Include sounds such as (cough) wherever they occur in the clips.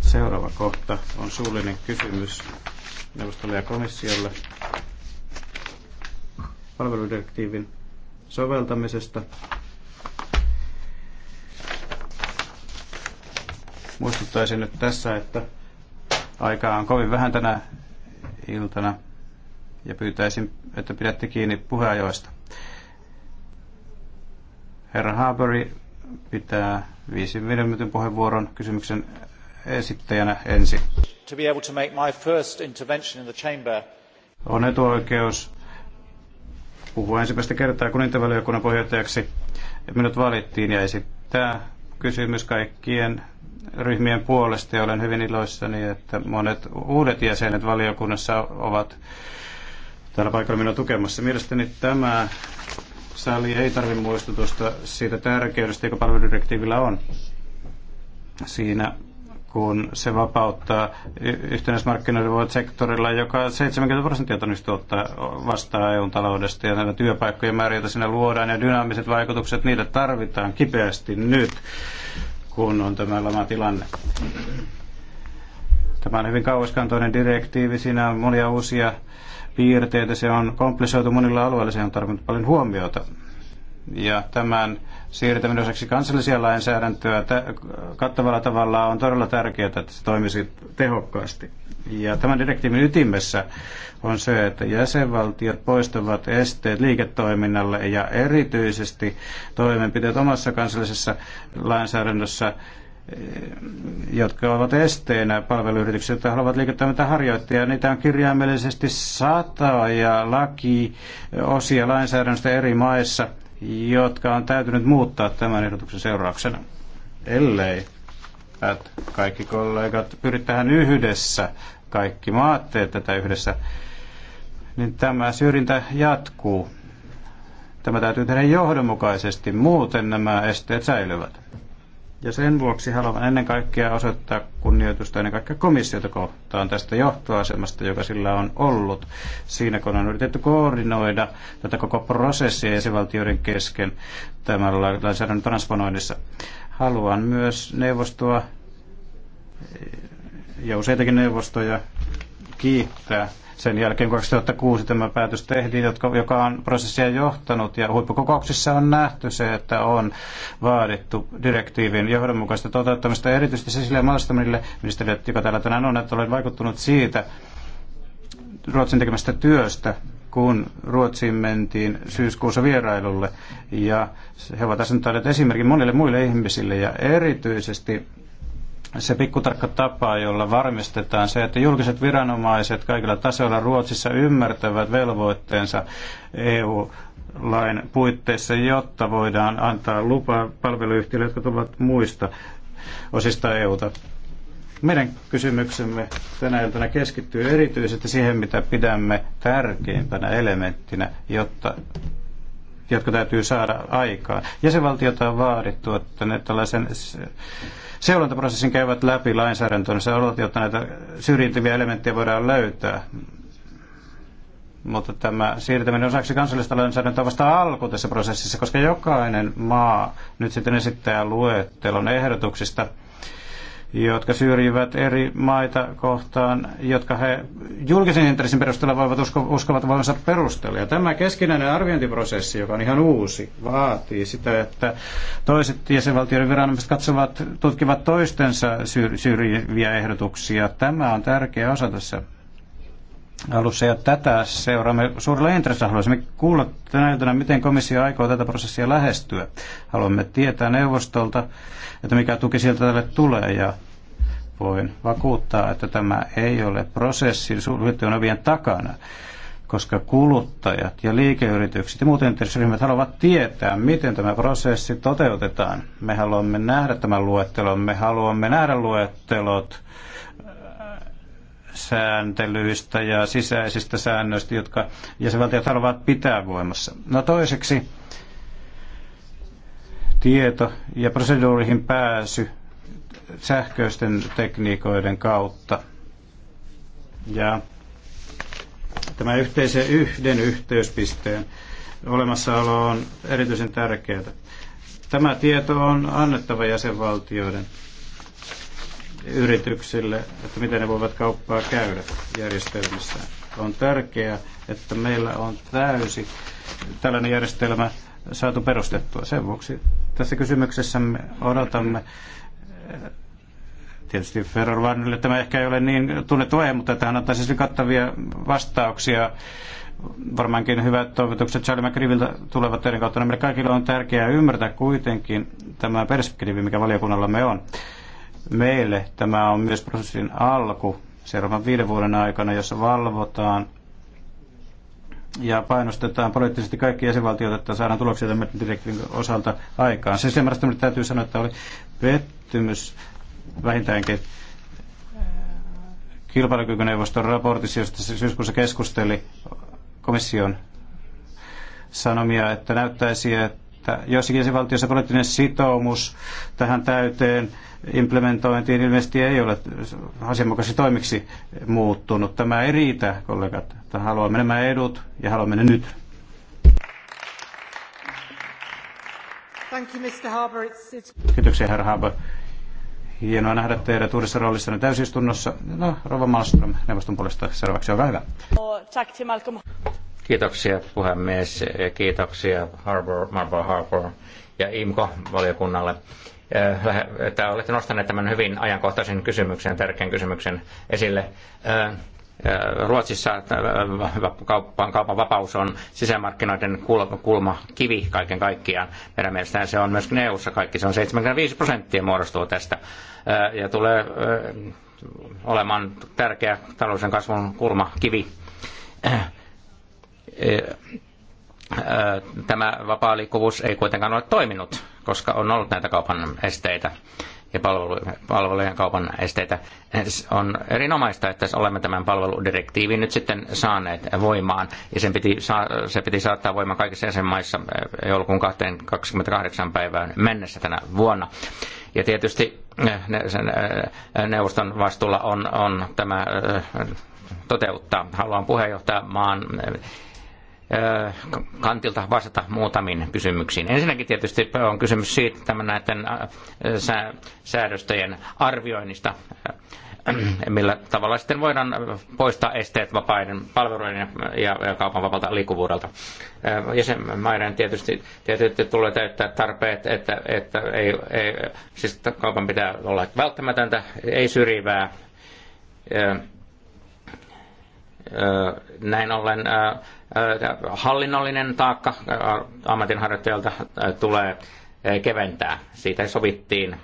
Seuraava kohta on suullinen kysymys neuvostolle ja komissiolle palveludirektiivin soveltamisesta. Muistuttaisin nyt tässä, että aikaa on kovin vähän tänä iltana ja pyytäisin, että pidätte kiinni puheajoista. Herra Haaberi pitää viisi minuutin puheenvuoron kysymyksen esittäjänä ensin. To be able to make my first intervention in the chamber. On etuoikeus puhua ensimmäistä kertaa kun intervaliokunnan puheenjohtajaksi. Minut valittiin ja esittää kysymys kaikkien ryhmien puolesta ja olen hyvin iloissani, että monet uudet jäsenet valiokunnassa ovat täällä paikalla minua tukemassa. Mielestäni tämä sali ei tarvitse muistutusta siitä tärkeydestä, joka palveludirektiivillä on. Siinä kun se vapauttaa yhtenäismarkkinoiden sektorilla, joka 70 prosenttia onnistuu ottaa vastaan EUn taloudesta ja näitä työpaikkojen määriä, joita siinä luodaan ja dynaamiset vaikutukset, niitä tarvitaan kipeästi nyt, kun on tämä tilanne. Tämä on hyvin kauaskantoinen direktiivi, siinä on monia uusia piirteitä, se on komplisoitu monilla alueilla, se on tarvinnut paljon huomiota. Ja tämän siirtäminen osaksi kansallisia lainsäädäntöä kattavalla tavalla on todella tärkeää, että se toimisi tehokkaasti. Ja tämän direktiivin ytimessä on se, että jäsenvaltiot poistavat esteet liiketoiminnalle ja erityisesti toimenpiteet omassa kansallisessa lainsäädännössä eh, jotka ovat esteenä palveluyrityksille, jotka haluavat liiketoimintaa harjoittaa. Niitä on kirjaimellisesti ja laki osia lainsäädännöstä eri maissa – jotka on täytynyt muuttaa tämän ehdotuksen seurauksena. Ellei että kaikki kollegat pyritään yhdessä, kaikki maat teet tätä yhdessä, niin tämä syrjintä jatkuu. Tämä täytyy tehdä johdonmukaisesti, muuten nämä esteet säilyvät. Ja sen vuoksi haluan ennen kaikkea osoittaa kunnioitusta ennen kaikkea komissiota kohtaan tästä johtoasemasta, joka sillä on ollut siinä, kun on yritetty koordinoida tätä koko prosessia jäsenvaltioiden kesken tämän lainsäädännön transponoinnissa. Haluan myös neuvostoa ja useitakin neuvostoja kiittää sen jälkeen 2006 tämä päätös tehtiin, jotka, joka on prosessia johtanut ja huippukokouksissa on nähty se, että on vaadittu direktiivin johdonmukaista toteuttamista erityisesti Cecilia Malmströmille, ministeri, joka täällä tänään on, että olen vaikuttunut siitä Ruotsin tekemästä työstä, kun Ruotsiin mentiin syyskuussa vierailulle. Ja he ovat asentaneet esimerkin monille muille ihmisille ja erityisesti se pikkutarkka tapa, jolla varmistetaan se, että julkiset viranomaiset kaikilla tasoilla Ruotsissa ymmärtävät velvoitteensa EU-lain puitteissa, jotta voidaan antaa lupa palveluyhtiöille, jotka tulevat muista osista EUta. Meidän kysymyksemme tänä iltana keskittyy erityisesti siihen, mitä pidämme tärkeimpänä elementtinä, jotta jotka täytyy saada aikaan. Jäsenvaltiota on vaadittu, että ne tällaisen seurantaprosessin käyvät läpi Se olot, jotta näitä syrjintäviä elementtejä voidaan löytää. Mutta tämä siirtäminen osaksi kansallista lainsäädäntöä on vasta alku tässä prosessissa, koska jokainen maa nyt sitten esittää luettelon ehdotuksista – jotka syrjivät eri maita kohtaan, jotka he julkisen intressin perusteella voivat usko, uskovat voivansa perustella. Ja tämä keskinäinen arviointiprosessi, joka on ihan uusi, vaatii sitä, että toiset jäsenvaltioiden viranomaiset katsovat, tutkivat toistensa syrjiviä ehdotuksia. Tämä on tärkeä osa tässä alussa ja tätä seuraamme suurella intressillä. Haluaisimme kuulla tänä iltana, miten komissio aikoo tätä prosessia lähestyä. Haluamme tietää neuvostolta, että mikä tuki sieltä tälle tulee ja voin vakuuttaa, että tämä ei ole prosessi suljettujen ovien takana, koska kuluttajat ja liikeyritykset ja muut intressiryhmät haluavat tietää, miten tämä prosessi toteutetaan. Me haluamme nähdä tämän luettelon, me haluamme nähdä luettelot sääntelyistä ja sisäisistä säännöistä, jotka jäsenvaltiot haluavat pitää voimassa. No toiseksi tieto ja proseduurihin pääsy sähköisten tekniikoiden kautta. Ja tämä yhteisen yhden yhteyspisteen olemassaolo on erityisen tärkeää. Tämä tieto on annettava jäsenvaltioiden yrityksille, että miten ne voivat kauppaa käydä järjestelmissä. On tärkeää, että meillä on täysi tällainen järjestelmä saatu perustettua. Sen vuoksi tässä kysymyksessä me odotamme eh, tietysti Ferrovanille tämä ehkä ei ole niin tunnettu aihe, mutta tähän antaisi siis kattavia vastauksia. Varmaankin hyvät toivotukset Charlie McRivilta tulevat teidän kautta. No, meille kaikille on tärkeää ymmärtää kuitenkin tämä perspektiivi, mikä valiokunnalla me on. Meille tämä on myös prosessin alku seuraavan viiden vuoden aikana, jossa valvotaan ja painostetaan poliittisesti kaikki jäsenvaltiot, että saadaan tuloksia tämän direktiivin osalta aikaan. Sen semmoista täytyy sanoa, että oli pettymys vähintäänkin äh, kilpailukykyneuvoston raportissa, josta se syyskuussa keskusteli komission sanomia, että näyttäisi, että joissakin jäsenvaltioissa poliittinen sitoumus tähän täyteen implementointiin ilmeisesti ei ole asianmukaisesti toimiksi muuttunut. Tämä ei riitä, kollegat. Haluamme nämä edut ja haluamme ne nyt. Thank you, Mr. Harbour. It's, it's... Kiitoksia, herra Haber. Hienoa nähdä teidät uudessa roolissa täysistunnossa. No, Rova Malmström, neuvoston puolesta seuraavaksi, olkaa hyvä. Kiitoksia puhemies ja kiitoksia Harbour, Marble Harbour ja IMKO-valiokunnalle että olette nostaneet tämän hyvin ajankohtaisen kysymyksen, tärkeän kysymyksen esille. Ruotsissa kaupan, kaupan vapaus on sisämarkkinoiden kulma, kivi kaiken kaikkiaan. Meidän mielestään se on myöskin EU-ssa kaikki. Se on 75 prosenttia muodostuu tästä ja tulee olemaan tärkeä talousen kasvun kulma, kivi tämä vapaa liikkuvuus ei kuitenkaan ole toiminut, koska on ollut näitä kaupan esteitä ja palvelujen kaupan esteitä. On erinomaista, että olemme tämän palveludirektiivin nyt sitten saaneet voimaan, ja sen piti, se piti saattaa voimaan kaikissa jäsenmaissa joulukuun 28 päivään mennessä tänä vuonna. Ja tietysti sen neuvoston vastuulla on, on tämä toteuttaa. Haluan puheenjohtaja maan kantilta vastata muutamiin kysymyksiin. Ensinnäkin tietysti on kysymys siitä tämän näiden säädöstöjen arvioinnista, millä tavalla sitten voidaan poistaa esteet vapaiden palveluiden ja kaupan vapaalta liikkuvuudelta. Jäsenmaiden tietysti, tietysti tulee täyttää tarpeet, että, että ei, ei, siis kaupan pitää olla välttämätöntä, ei syrjivää, näin ollen hallinnollinen taakka ammatinharjoittajalta tulee keventää. Siitä sovittiin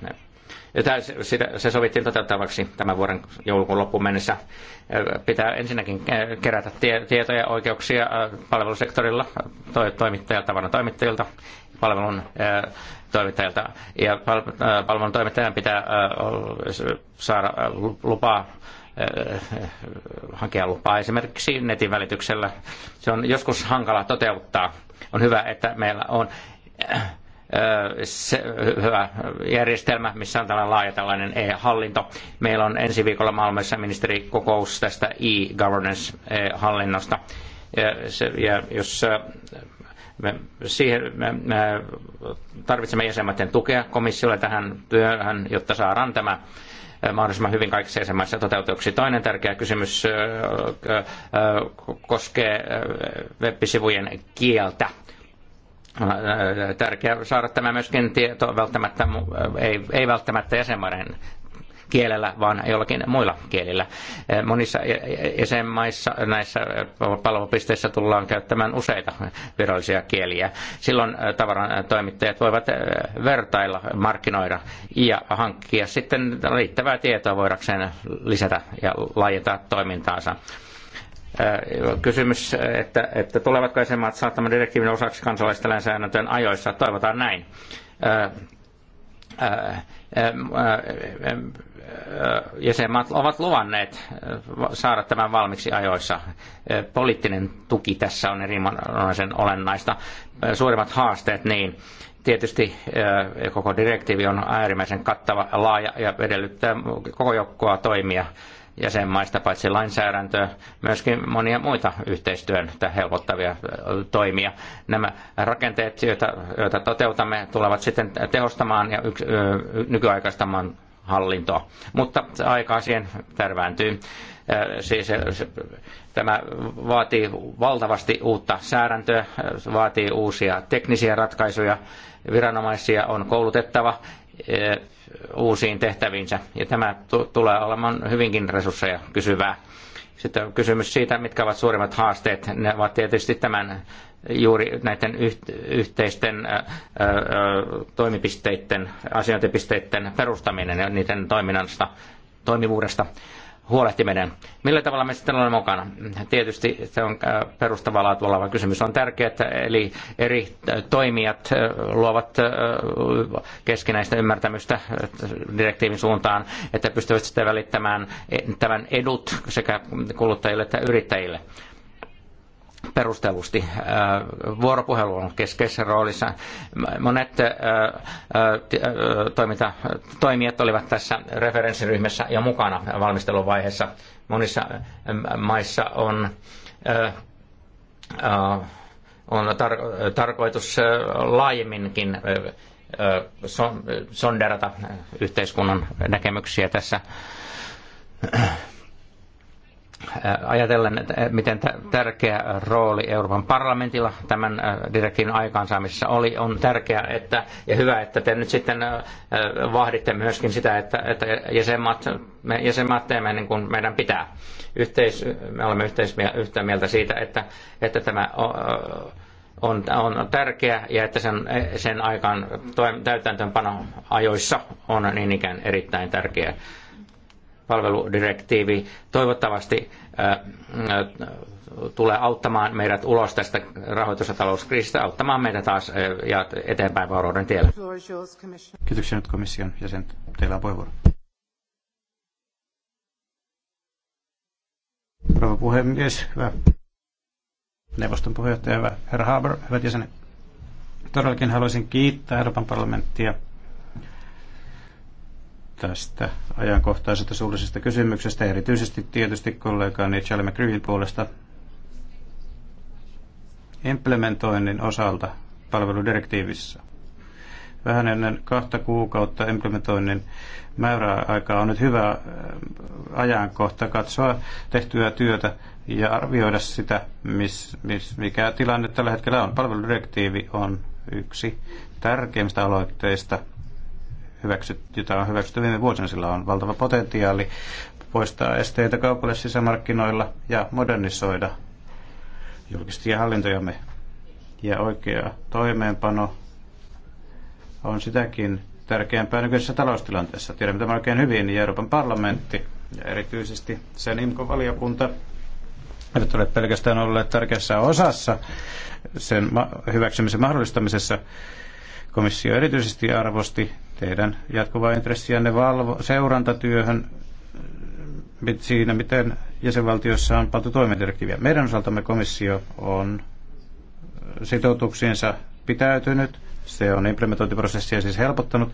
se sovittiin toteuttavaksi tämän vuoden joulukuun loppuun mennessä. Pitää ensinnäkin kerätä tietoja ja oikeuksia palvelusektorilla toimittajilta, tavaran toimittajilta, palvelun toimittajilta. Ja palvelun toimittajan pitää saada lupaa Äh, hakea lupaa esimerkiksi netin välityksellä. Se on joskus hankala toteuttaa. On hyvä, että meillä on äh, äh, se hyvä järjestelmä, missä on tällainen laaja tällainen e-hallinto. Meillä on ensi viikolla Malmessa ministerikokous tästä e-governance-hallinnosta. Ja, se, ja jos me, siihen, me, me tarvitsemme jäsenmaiden tukea komissiolle tähän työhön, jotta saadaan tämä Eh, mahdollisimman hyvin kaikissa jäsenmaissa toteutuksi. Toinen tärkeä kysymys eh, eh, koskee web-sivujen kieltä tärkeää saada tämä myöskin tieto, välttämättä, ei, ei välttämättä jäsenmaiden kielellä, vaan jollakin muilla kielillä. Eh, monissa jäsenmaissa näissä palvelupisteissä tullaan käyttämään useita virallisia kieliä. Silloin eh, tavaran toimittajat voivat eh, vertailla, markkinoida ja hankkia sitten riittävää tietoa voidakseen lisätä ja laajentaa toimintaansa kysymys, että, että tulevatko jäsenmaat saattamaan direktiivin osaksi kansallista lainsäädäntöön ajoissa. Toivotaan näin jäsenmaat ovat luvanneet saada tämän valmiiksi ajoissa. Poliittinen tuki tässä on erinomaisen olennaista. Suurimmat haasteet niin tietysti koko direktiivi on äärimmäisen kattava, laaja ja edellyttää koko joukkoa toimia jäsenmaista, paitsi lainsäädäntöä, myöskin monia muita yhteistyön helpottavia toimia. Nämä rakenteet, joita, joita toteutamme, tulevat sitten tehostamaan ja yks, nykyaikaistamaan hallinto, mutta aikaa siihen tärvääntyy. Siis tämä vaatii valtavasti uutta säädäntöä, vaatii uusia teknisiä ratkaisuja, viranomaisia on koulutettava uusiin tehtäviinsä, ja tämä tulee olemaan hyvinkin resursseja kysyvää. Sitten on kysymys siitä, mitkä ovat suurimmat haasteet. Ne ovat tietysti tämän juuri näiden yhteisten toimipisteiden, asiointipisteiden perustaminen ja niiden toiminnasta, toimivuudesta huolehtiminen. Millä tavalla me sitten olemme mukana? Tietysti se on perustavaa laatua oleva kysymys. On tärkeää, että eli eri toimijat luovat keskinäistä ymmärtämystä direktiivin suuntaan, että pystyvät sitten välittämään e-, tämän edut sekä kuluttajille että yrittäjille perustellusti. Äh, vuoropuhelu on keskeisessä roolissa. Monet äh, äh, toiminta, toimijat olivat tässä referenssiryhmässä jo mukana valmisteluvaiheessa. Monissa maissa on on tar- tarkoitus laajemminkin sonderata yhteiskunnan näkemyksiä tässä Äh, ajatellen, äh, miten tärkeä rooli Euroopan parlamentilla tämän äh, direktiivin aikaansaamisessa oli, on tärkeää että, ja hyvä, että te nyt sitten vahditte myöskin sitä, että, että jäsenmaat, me jäsenmaat teemme niin kuin meidän pitää. Yhteis, me olemme yhteismiel, yhtä mieltä siitä, että, että tämä on, on tärkeä ja että sen, sen aikaan täytäntöönpano ajoissa on niin ikään erittäin tärkeää palveludirektiivi toivottavasti tulee auttamaan meidät ulos tästä rahoitus- ja talouskriisistä, auttamaan meitä taas ja eteenpäin varoiden tiellä. Kiitoksia nyt komission jäsen. Teillä on puheenvuoro. Rouva puhemies, hyvä neuvoston puheenjohtaja, hyvä herra Haber, hyvät jäsenet. Todellakin haluaisin kiittää Euroopan parlamenttia tästä ajankohtaisesta suullisesta kysymyksestä, erityisesti tietysti kollegaani Charlie McGreevin puolesta implementoinnin osalta palveludirektiivissä. Vähän ennen kahta kuukautta implementoinnin määräaikaa on nyt hyvä ajankohta katsoa tehtyä työtä ja arvioida sitä, miss, miss, mikä tilanne tällä hetkellä on. Palveludirektiivi on yksi tärkeimmistä aloitteista – hyväksyt, jota on hyväksytty viime vuosina. Sillä on valtava potentiaali poistaa esteitä kaupalle sisämarkkinoilla ja modernisoida julkisia hallintojamme. Ja oikea toimeenpano on sitäkin tärkeämpää nykyisessä taloustilanteessa. Tiedämme tämän oikein hyvin, ja Euroopan parlamentti ja erityisesti sen IMCO-valiokunta eivät ole pelkästään olleet tärkeässä osassa sen hyväksymisen mahdollistamisessa. Komissio erityisesti arvosti teidän jatkuvaa intressiänne valvo, seurantatyöhön siinä, miten jäsenvaltioissa on pantu toimintadirektiiviä. Meidän osaltamme komissio on sitoutuksiinsa pitäytynyt. Se on implementointiprosessia siis helpottanut.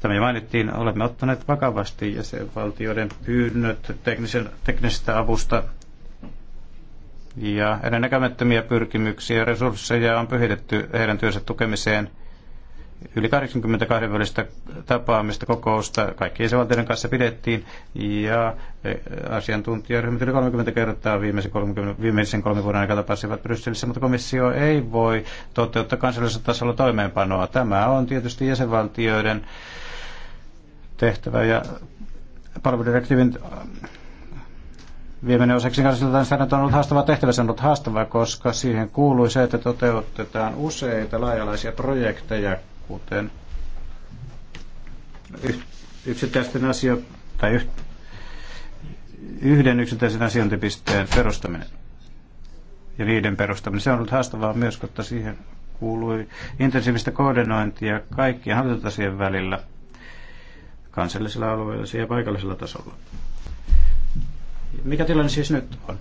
Tämä mainittiin, olemme ottaneet vakavasti jäsenvaltioiden pyynnöt teknisen, teknisestä avusta ja ennennäkemättömiä pyrkimyksiä ja resursseja on pyhitetty heidän työnsä tukemiseen – Yli 82 välistä tapaamista kokousta kaikki isävaltioiden kanssa pidettiin ja e, asiantuntijaryhmät yli 30 kertaa viimeisen, 30, viimeisen kolmen vuoden aikana tapasivat Brysselissä, mutta komissio ei voi toteuttaa kansallisella tasolla toimeenpanoa. Tämä on tietysti jäsenvaltioiden tehtävä ja palveludirektiivin viimeinen osaksi kansallisesta on ollut haastava tehtävä. Se on ollut haastava, koska siihen kuului se, että toteutetaan useita laajalaisia projekteja kuten yksittäisten asio- tai yhden yksittäisen asiointipisteen perustaminen ja niiden perustaminen. Se on ollut haastavaa myös, koska siihen kuului intensiivistä koordinointia kaikkien hallintotasien välillä kansallisella alueella ja paikallisella tasolla. Mikä tilanne siis nyt on?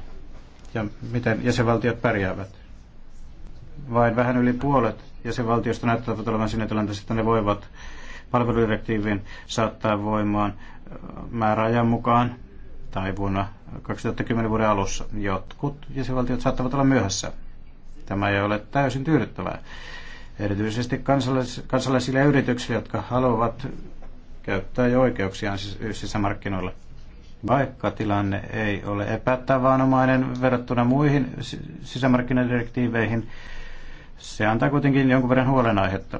Ja miten jäsenvaltiot pärjäävät? vain vähän yli puolet jäsenvaltiosta näyttävät olevan siinä tilanteessa, että ne voivat palveludirektiivin saattaa voimaan äh, määräajan mukaan tai vuonna 2010 vuoden alussa. Jotkut jäsenvaltiot saattavat olla myöhässä. Tämä ei ole täysin tyydyttävää. Erityisesti kansalais- kansalaisille yrityksille, jotka haluavat käyttää jo oikeuksiaan sisämarkkinoilla. Vaikka tilanne ei ole epätavanomainen verrattuna muihin sisämarkkinadirektiiveihin, se antaa kuitenkin jonkun verran huolenaihetta.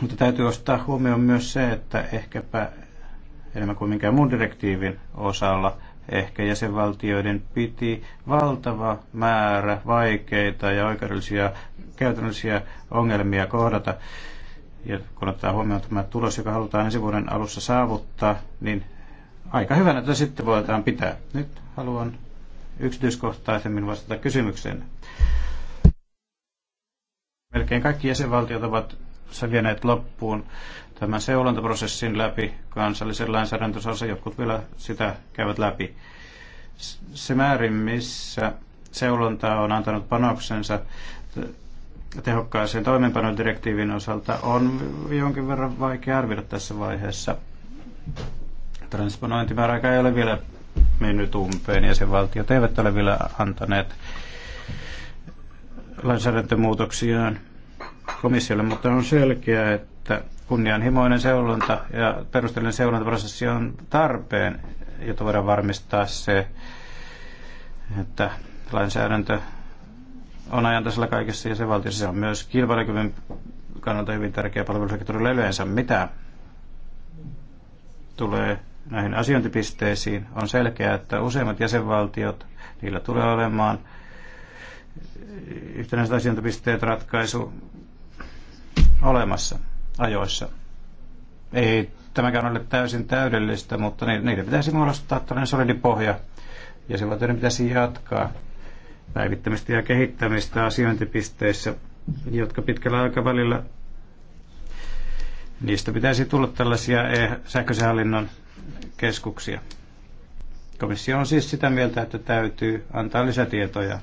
Mutta täytyy ostaa huomioon myös se, että ehkäpä enemmän kuin minkään muun direktiivin osalla ehkä jäsenvaltioiden piti valtava määrä vaikeita ja oikeudellisia käytännöllisiä ongelmia kohdata. Ja kun ottaa huomioon tämä tulos, joka halutaan ensi vuoden alussa saavuttaa, niin aika hyvänä tätä sitten voidaan pitää. Nyt haluan yksityiskohtaisemmin vastata kysymykseen. Melkein kaikki jäsenvaltiot ovat vieneet loppuun tämän seulontaprosessin läpi kansallisen lainsäädäntönsä, jotkut vielä sitä käyvät läpi. Se määrin, missä seulonta on antanut panoksensa tehokkaaseen toimeenpanodirektiivin osalta, on jonkin verran vaikea arvioida tässä vaiheessa. Transponointimääräaika ei ole vielä mennyt umpeen, valtiot eivät ole vielä antaneet lainsäädäntömuutoksiaan komissiolle, mutta on selkeää, että kunnianhimoinen seulonta ja perusteellinen seulontaprosessi on tarpeen, jotta voidaan varmistaa se, että lainsäädäntö on ajantasalla kaikessa ja Se on myös kilpailukyvyn kannalta hyvin tärkeä palvelusektorille yleensä. Mitä tulee näihin asiointipisteisiin, on selkeää, että useimmat jäsenvaltiot, niillä tulee olemaan – yhtenäiset asiointipisteet ratkaisu olemassa ajoissa. Ei tämäkään ole täysin täydellistä, mutta niiden pitäisi muodostaa tällainen solidi pohja ja silloin teidän pitäisi jatkaa päivittämistä ja kehittämistä asiointipisteissä, jotka pitkällä aikavälillä niistä pitäisi tulla tällaisia e sähköisen hallinnon keskuksia. Komissio on siis sitä mieltä, että täytyy antaa lisätietoja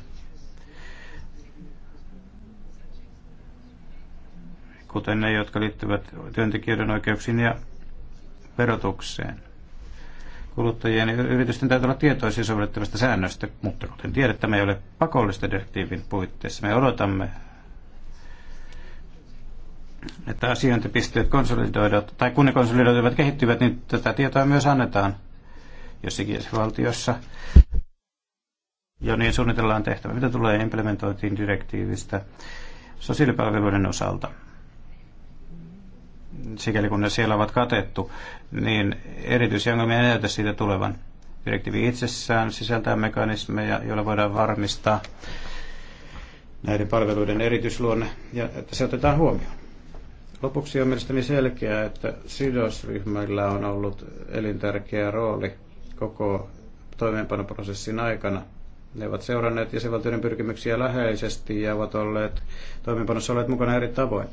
kuten ne, jotka liittyvät työntekijöiden oikeuksiin ja verotukseen. Kuluttajien ja yritysten täytyy olla tietoisia sovellettavasta säännöstä, mutta kuten tiedätte, me ei ole pakollista direktiivin puitteissa. Me odotamme, että asiointipisteet konsolidoidut, tai kun ne konsolidoituvat kehittyvät, niin tätä tietoa myös annetaan jossakin valtiossa. Ja niin suunnitellaan tehtävä, mitä tulee implementointiin direktiivistä sosiaalipalveluiden osalta sikäli kun ne siellä ovat katettu, niin erityisiä ongelmia ei näytä siitä tulevan. Direktiivi itsessään sisältää mekanismeja, joilla voidaan varmistaa näiden palveluiden erityisluonne, ja että se otetaan huomioon. Lopuksi on mielestäni selkeää, että sidosryhmillä on ollut elintärkeä rooli koko toimeenpanoprosessin aikana. Ne ovat seuranneet jäsenvaltioiden pyrkimyksiä läheisesti ja ovat olleet toimeenpanossa olleet mukana eri tavoin.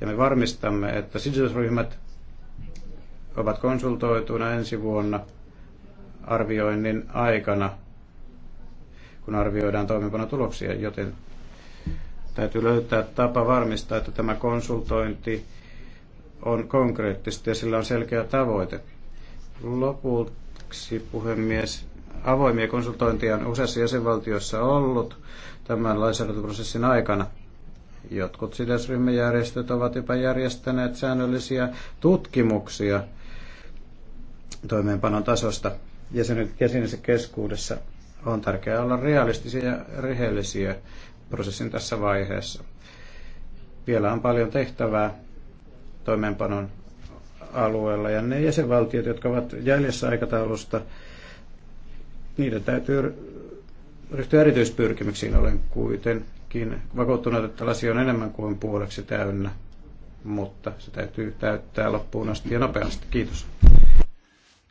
Ja me varmistamme, että sidosryhmät ovat konsultoituna ensi vuonna arvioinnin aikana, kun arvioidaan tuloksia. joten täytyy löytää tapa varmistaa, että tämä konsultointi on konkreettista ja sillä on selkeä tavoite. Lopuksi, puhemies, avoimia konsultointia on useassa jäsenvaltiossa ollut tämän lainsäädäntöprosessin aikana. Jotkut sidosryhmäjärjestöt ovat jopa järjestäneet säännöllisiä tutkimuksia toimeenpanon tasosta jäsenensä keskuudessa. On tärkeää olla realistisia ja rehellisiä prosessin tässä vaiheessa. Vielä on paljon tehtävää toimeenpanon alueella ja ne jäsenvaltiot, jotka ovat jäljessä aikataulusta, niiden täytyy ryhtyä erityispyrkimyksiin. Olen kuiten kuitenkin vakuuttunut, että lasi on enemmän kuin puoleksi täynnä, mutta se täytyy täyttää loppuun asti ja nopeasti. Kiitos.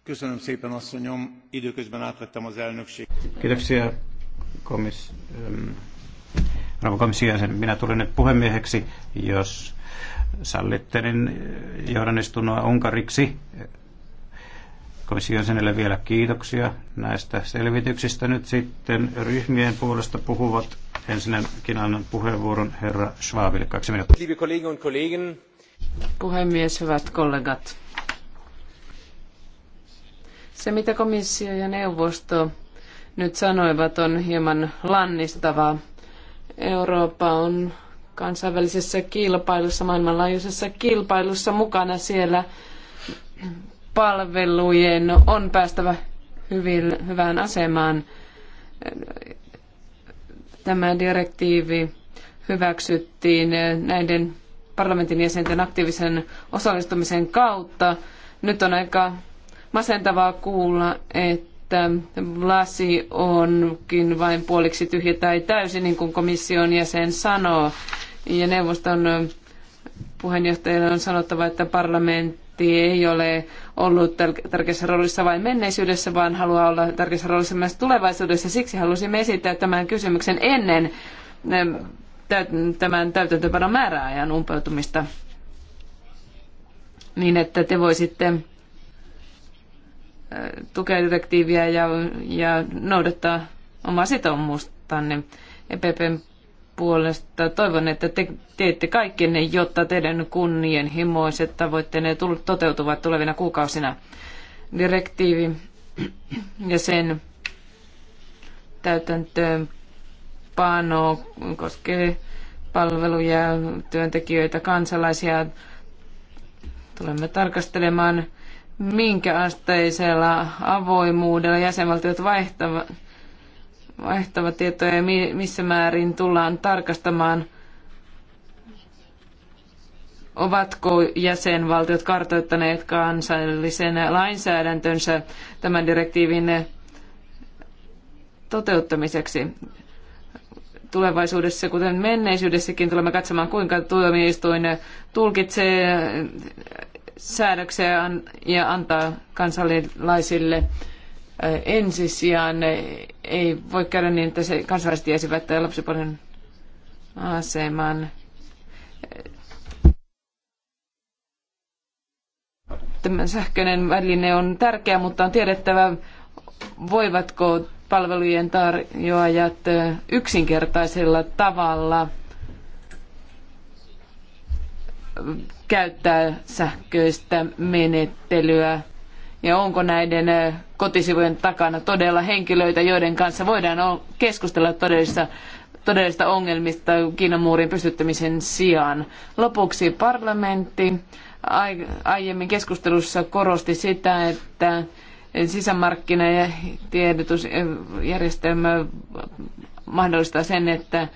Köszönöm szépen, asszonyom. Időközben átvettem az elnökség. Kiitoksia, komis, ähm, jäsen. Minä tulin nyt puhemieheksi, jos sallitte, niin eh, johdan istunnoa unkariksi. Komission jäsenelle vielä kiitoksia näistä selvityksistä. Nyt sitten ryhmien puolesta puhuvat Ensinnäkin annan puheenvuoron herra Schwabille. Kaksi minuuttia. Liebe Kollegen und Kollegen. Puhemies, hyvät kollegat. Se, mitä komissio ja neuvosto nyt sanoivat, on hieman lannistavaa. Eurooppa on kansainvälisessä kilpailussa, maailmanlaajuisessa kilpailussa mukana siellä palvelujen on päästävä hyvin, hyvään asemaan Tämä direktiivi hyväksyttiin näiden parlamentin jäsenten aktiivisen osallistumisen kautta. Nyt on aika masentavaa kuulla, että lasi onkin vain puoliksi tyhjä tai täysi, niin kuin komission jäsen sanoo. Ja neuvoston puheenjohtajalle on sanottava, että parlamentti parlamentti ei ole ollut tärkeässä roolissa vain menneisyydessä, vaan haluaa olla tärkeässä roolissa myös tulevaisuudessa. Siksi halusimme esittää tämän kysymyksen ennen tämän täytäntöpanon määräajan umpeutumista, niin että te voisitte tukea direktiiviä ja, ja noudattaa omaa sitoumustanne. EPPn puolesta. Toivon, että te teette kaikkenne, jotta teidän kunnianhimoiset tavoitteenne toteutuvat tulevina kuukausina. Direktiivi ja sen täytäntöönpano koskee palveluja, työntekijöitä, kansalaisia. Tulemme tarkastelemaan, minkä asteisella avoimuudella jäsenvaltiot vaihtavat vaihtava tietoja ja missä määrin tullaan tarkastamaan, ovatko jäsenvaltiot kartoittaneet kansallisen lainsäädäntönsä tämän direktiivin toteuttamiseksi. Tulevaisuudessa, kuten menneisyydessäkin, tulemme katsomaan, kuinka tuomioistuin tulkitsee säädöksiä ja antaa kansalaisille ensisijaan. Ei voi käydä niin, että se kansalaiset jäisivät lapsipuolen asemaan. Tämä sähköinen väline on tärkeä, mutta on tiedettävä, voivatko palvelujen tarjoajat yksinkertaisella tavalla käyttää sähköistä menettelyä ja onko näiden eh, kotisivujen takana todella henkilöitä, joiden kanssa voidaan keskustella todellisista todellista ongelmista Kiinan muurin pystyttämisen sijaan. Lopuksi parlamentti aiemmin keskustelussa korosti sitä, että sisämarkkina- ja tiedotusjärjestelmä mahdollistaa sen, että äh,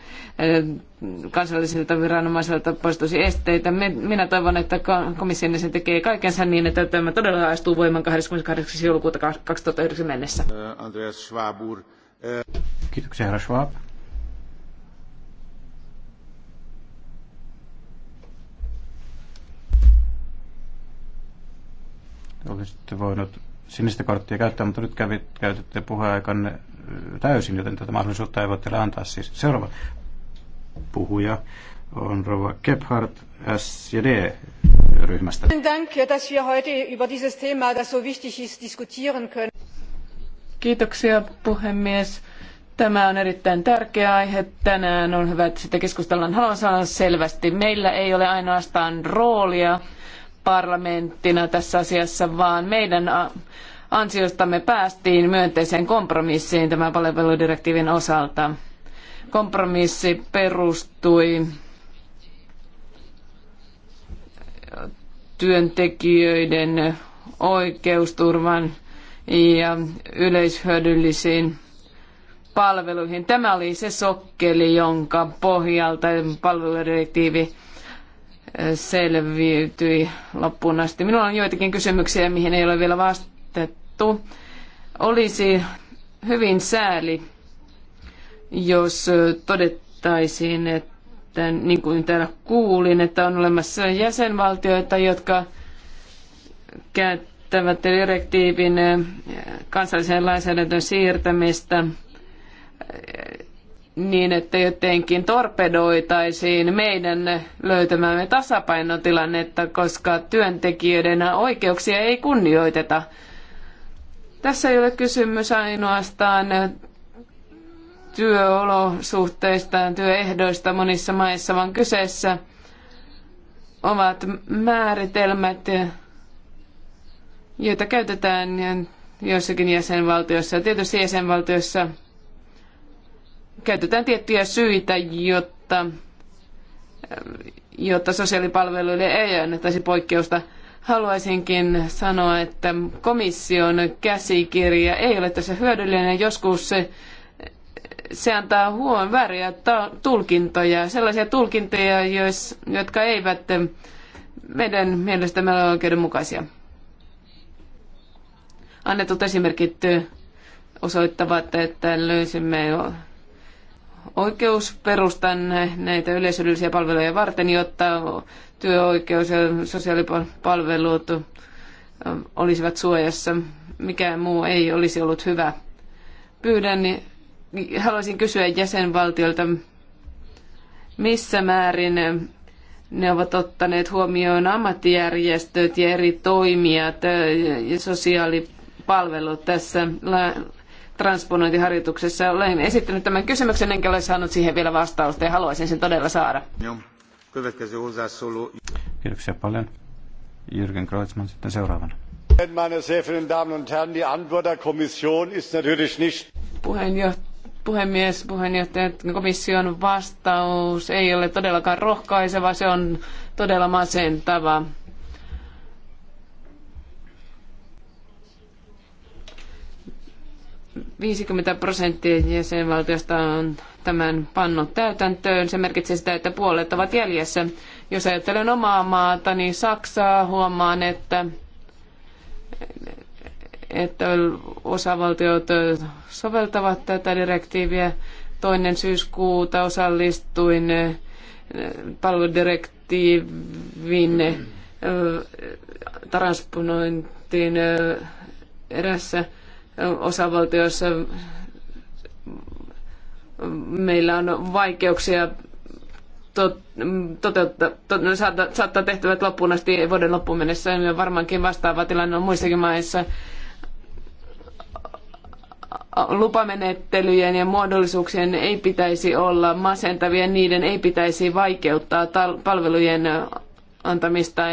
kansallisilta viranomaisilta poistuisi esteitä. Minä toivon, että komission sen tekee kaikensa niin, että tämä todella astuu voimaan 28. joulukuuta 2009 mennessä. Äh, Andreas Schwabur. Äh. Kiitoksia, herra Schwab. Olisitte voinut sinistä korttia käyttää, mutta nyt kävit, käytitte puheaikanne täysin, joten tätä mahdollisuutta ei voi teille antaa. Siis seuraava puhuja on Rova Gebhardt SD-ryhmästä. Kiitoksia puhemies. Tämä on erittäin tärkeä aihe. Tänään on hyvä, että sitä keskustellaan. Haluan sanoa selvästi, meillä ei ole ainoastaan roolia parlamenttina tässä asiassa, vaan meidän ansiostamme päästiin myönteiseen kompromissiin tämän palveludirektiivin osalta. Kompromissi perustui työntekijöiden oikeusturvan ja yleishyödyllisiin palveluihin. Tämä oli se sokkeli, jonka pohjalta palveludirektiivi selviytyi loppuun asti. Minulla on joitakin kysymyksiä, mihin ei ole vielä vastattu rajoitettu. Olisi hyvin sääli, jos todettaisiin, että niin kuin täällä kuulin, että on olemassa jäsenvaltioita, jotka käyttävät direktiivin kansalliseen lainsäädäntöön siirtämistä niin, että jotenkin torpedoitaisiin meidän löytämämme tasapainotilannetta, koska työntekijöiden oikeuksia ei kunnioiteta – tässä ei ole kysymys ainoastaan työolosuhteistaan, työehdoista monissa maissa, vaan kyseessä ovat määritelmät, joita käytetään joissakin jäsenvaltioissa. tietysti jäsenvaltioissa käytetään tiettyjä syitä, jotta, jotta sosiaalipalveluille ei annettaisi poikkeusta – Haluaisinkin sanoa, että komission käsikirja ei ole tässä hyödyllinen. Joskus se, se antaa huon väriä tulkintoja, sellaisia tulkintoja, jois, jotka eivät meidän mielestämme ole oikeudenmukaisia. Annetut esimerkit osoittavat, että löysimme oikeusperustan näitä yleisöllisiä palveluja varten, jotta työoikeus ja sosiaalipalvelut olisivat suojassa. Mikään muu ei olisi ollut hyvä. Pyydän, niin haluaisin kysyä jäsenvaltiolta, missä määrin ne ovat ottaneet huomioon ammattijärjestöt ja eri toimijat ja sosiaalipalvelut tässä transponointiharjoituksessa. Olen esittänyt tämän kysymyksen enkä ole saanut siihen vielä vastausta ja haluaisin sen todella saada. Joo. Kiitoksia paljon. Jürgen Meine sehr verehrten Damen und Herren, die Antwort der Kommission ist natürlich nicht... Puheenjohtaja puhemies, puheenjohtaja, komission vastaus ei ole todellakaan rohkaiseva, se on todella masentava. Viisikymmentä prosenttia jäsenvaltiosta on tämän pannut täytäntöön. Se merkitsee sitä, että puolet ovat jäljessä. Jos ajattelen omaa maata, niin Saksaa huomaan, että, että osavaltiot soveltavat tätä direktiiviä. Toinen syyskuuta osallistuin palveludirektiivin eh, eh, transponointiin eh, erässä osavaltiossa meillä on vaikeuksia toteuttaa to, no, saattaa, saattaa tehtävät loppuun asti vuoden loppuun mennessä. Ja varmaankin vastaava tilanne on muissakin maissa lupamenettelyjen ja muodollisuuksien ei pitäisi olla masentavia, niiden ei pitäisi vaikeuttaa palvelujen antamista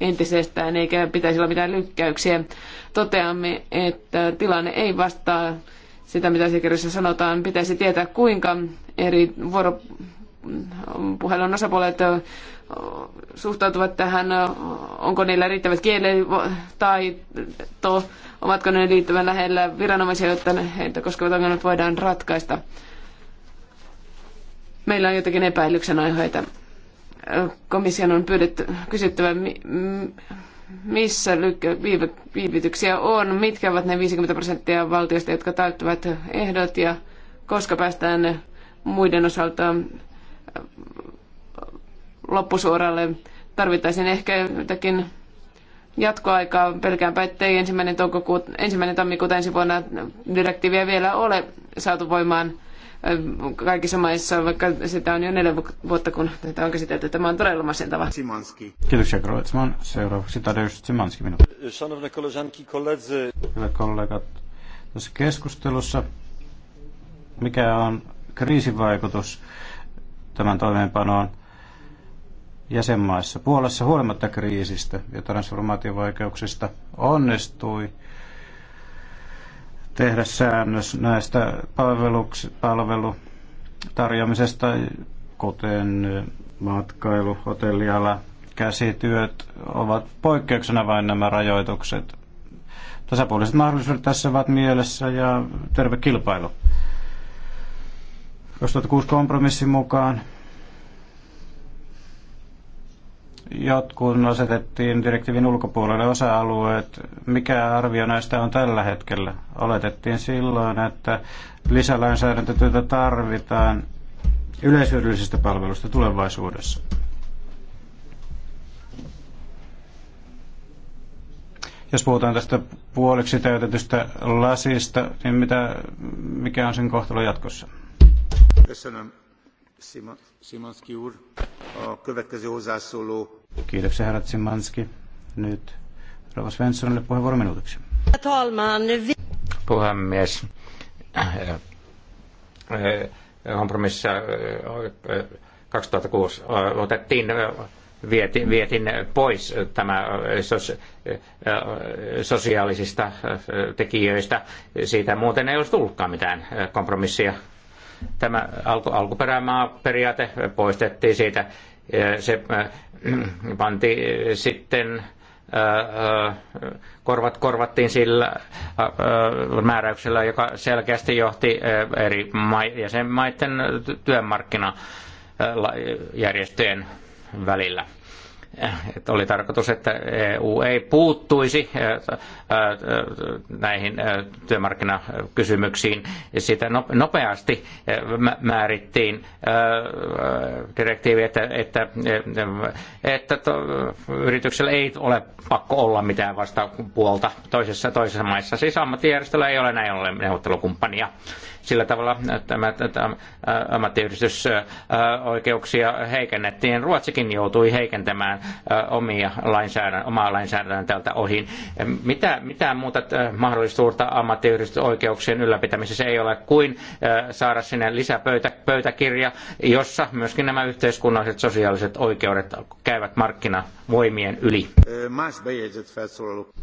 entisestään, eikä pitäisi olla mitään lykkäyksiä. Toteamme, että tilanne ei vastaa sitä, mitä kirjassa sanotaan. Pitäisi tietää, kuinka eri vuoropuhelun osapuolet suhtautuvat tähän, onko niillä riittävät kielitaito, ovatko ne liittyvän lähellä viranomaisia, jotta heitä koskevat ongelmat voidaan ratkaista. Meillä on jotakin epäilyksen aiheita. Komission on pyydetty, kysyttävä, missä lykkä- viivytyksiä on, mitkä ovat ne 50 prosenttia valtioista, jotka täyttävät ehdot ja koska päästään muiden osalta äh, loppusuoralle. Tarvittaisiin ehkä jotakin jatkoaikaa. Pelkäänpä, ei ensimmäinen, ensimmäinen tammikuuta ensi vuonna direktiiviä vielä ole saatu voimaan kaikissa maissa, vaikka sitä on jo neljä vuotta, kun tätä on käsitelty. Tämä on todella masentava. Simanski. Kiitoksia, Kroletsman. Seuraavaksi Tadeusz Simanski minuutti. Szanowne koleżanki, koledzy. Hyvät kollegat, tässä keskustelussa, mikä on kriisivaikutus tämän toimeenpanoon jäsenmaissa. Puolassa huolimatta kriisistä ja transformaatiovaikeuksista onnistui tehdä säännös näistä palveluks, palvelutarjoamisesta, kuten matkailu, hotelliala, käsityöt ovat poikkeuksena vain nämä rajoitukset. Tasapuoliset mahdollisuudet tässä ovat mielessä ja terve kilpailu. 2006 kompromissin mukaan jotkun asetettiin direktiivin ulkopuolelle osa-alueet. Mikä arvio näistä on tällä hetkellä? Oletettiin silloin, että lisälainsäädäntötyötä tarvitaan yleishyödyllisistä palveluista tulevaisuudessa. Jos puhutaan tästä puoliksi täytetystä lasista, niin mitä, mikä on sen kohtalo jatkossa? on Simanski Simanski. Nyt Puhemies. Eh, Kompromississa 2006 eh, eh, otettiin vietin, vietin pois tämä sosiaalisista tekijöistä. Siitä muuten ei olisi tullutkaan mitään kompromissia Tämä alku, periaate poistettiin siitä. Se äh, (clears throat) panti sitten äh, äh, korvat korvattiin sillä määräyksellä, joka selkeästi johti eri jäsenmaiden työmarkkinajärjestöjen välillä Eh, että oli tarkoitus, että EU ei puuttuisi näihin työmarkkinakysymyksiin. Sitä nopeasti määrittiin direktiivi, että, että, eh, että yrityksellä ei ole pakko olla mitään vastapuolta toisessa, toisessa maissa. Siis ammattijärjestöllä ei ole näin ollen neuvottelukumppania. Sillä tavalla tämä, tämä ammattiyhdistysoikeuksia heikennettiin. Ruotsikin joutui heikentämään omia lainsäädän, omaa lainsäädäntöä ohin. Mitä, mitään muuta mahdollisuutta ammattiyhdistysoikeuksien ylläpitämisessä ei ole kuin saada sinne lisäpöytäkirja, jossa myöskin nämä yhteiskunnalliset sosiaaliset oikeudet käyvät markkinavoimien yli.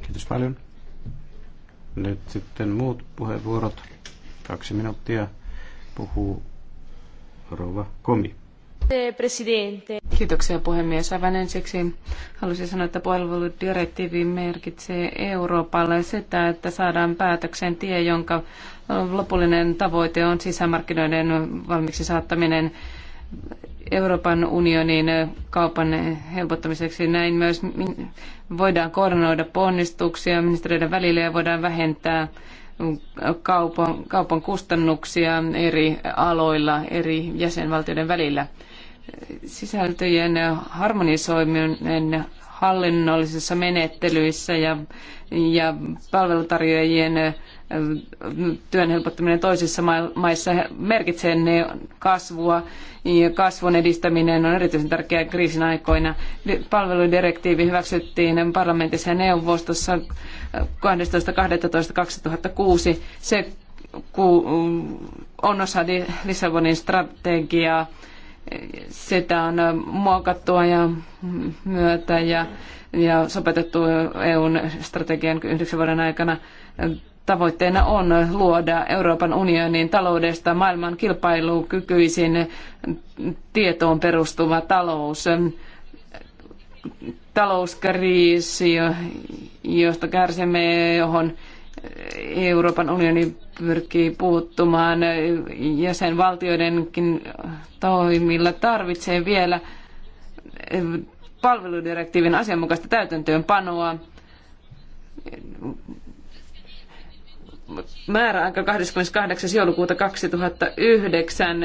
Kiitos paljon. Nyt sitten muut puheenvuorot. Kaksi minuuttia puhuu rova Komi. Presidente. Kiitoksia puhemies. Aivan ensiksi haluaisin sanoa, että palveludirektiivi merkitsee Euroopalle sitä, että saadaan päätöksen tie, jonka lopullinen tavoite on sisämarkkinoiden valmiiksi saattaminen Euroopan unionin kaupan helpottamiseksi. Näin myös voidaan koordinoida ponnistuksia ministeriöiden välillä ja voidaan vähentää kaupan, kaupan kustannuksia eri aloilla, eri jäsenvaltioiden välillä. Sisältöjen harmonisoiminen hallinnollisissa menettelyissä ja, ja palvelutarjoajien työn helpottaminen toisissa maissa merkitsee ne kasvua ja kasvun edistäminen on erityisen tärkeää kriisin aikoina. Palveludirektiivi hyväksyttiin parlamentissa ja neuvostossa 12.12.2006. Äh, Se on osa Lissabonin strategiaa. Sitä on äh, muokattua ja myötä ja, ja sopetettu EUn strategian yhdeksän vuoden aikana tavoitteena on luoda Euroopan unionin taloudesta maailman kilpailukykyisin tietoon perustuva talous. Talouskriisi, josta kärsimme, johon Euroopan unioni pyrkii puuttumaan jäsenvaltioidenkin toimilla, tarvitsee vielä palveludirektiivin asianmukaista täytäntöönpanoa määräaika 28. joulukuuta 2009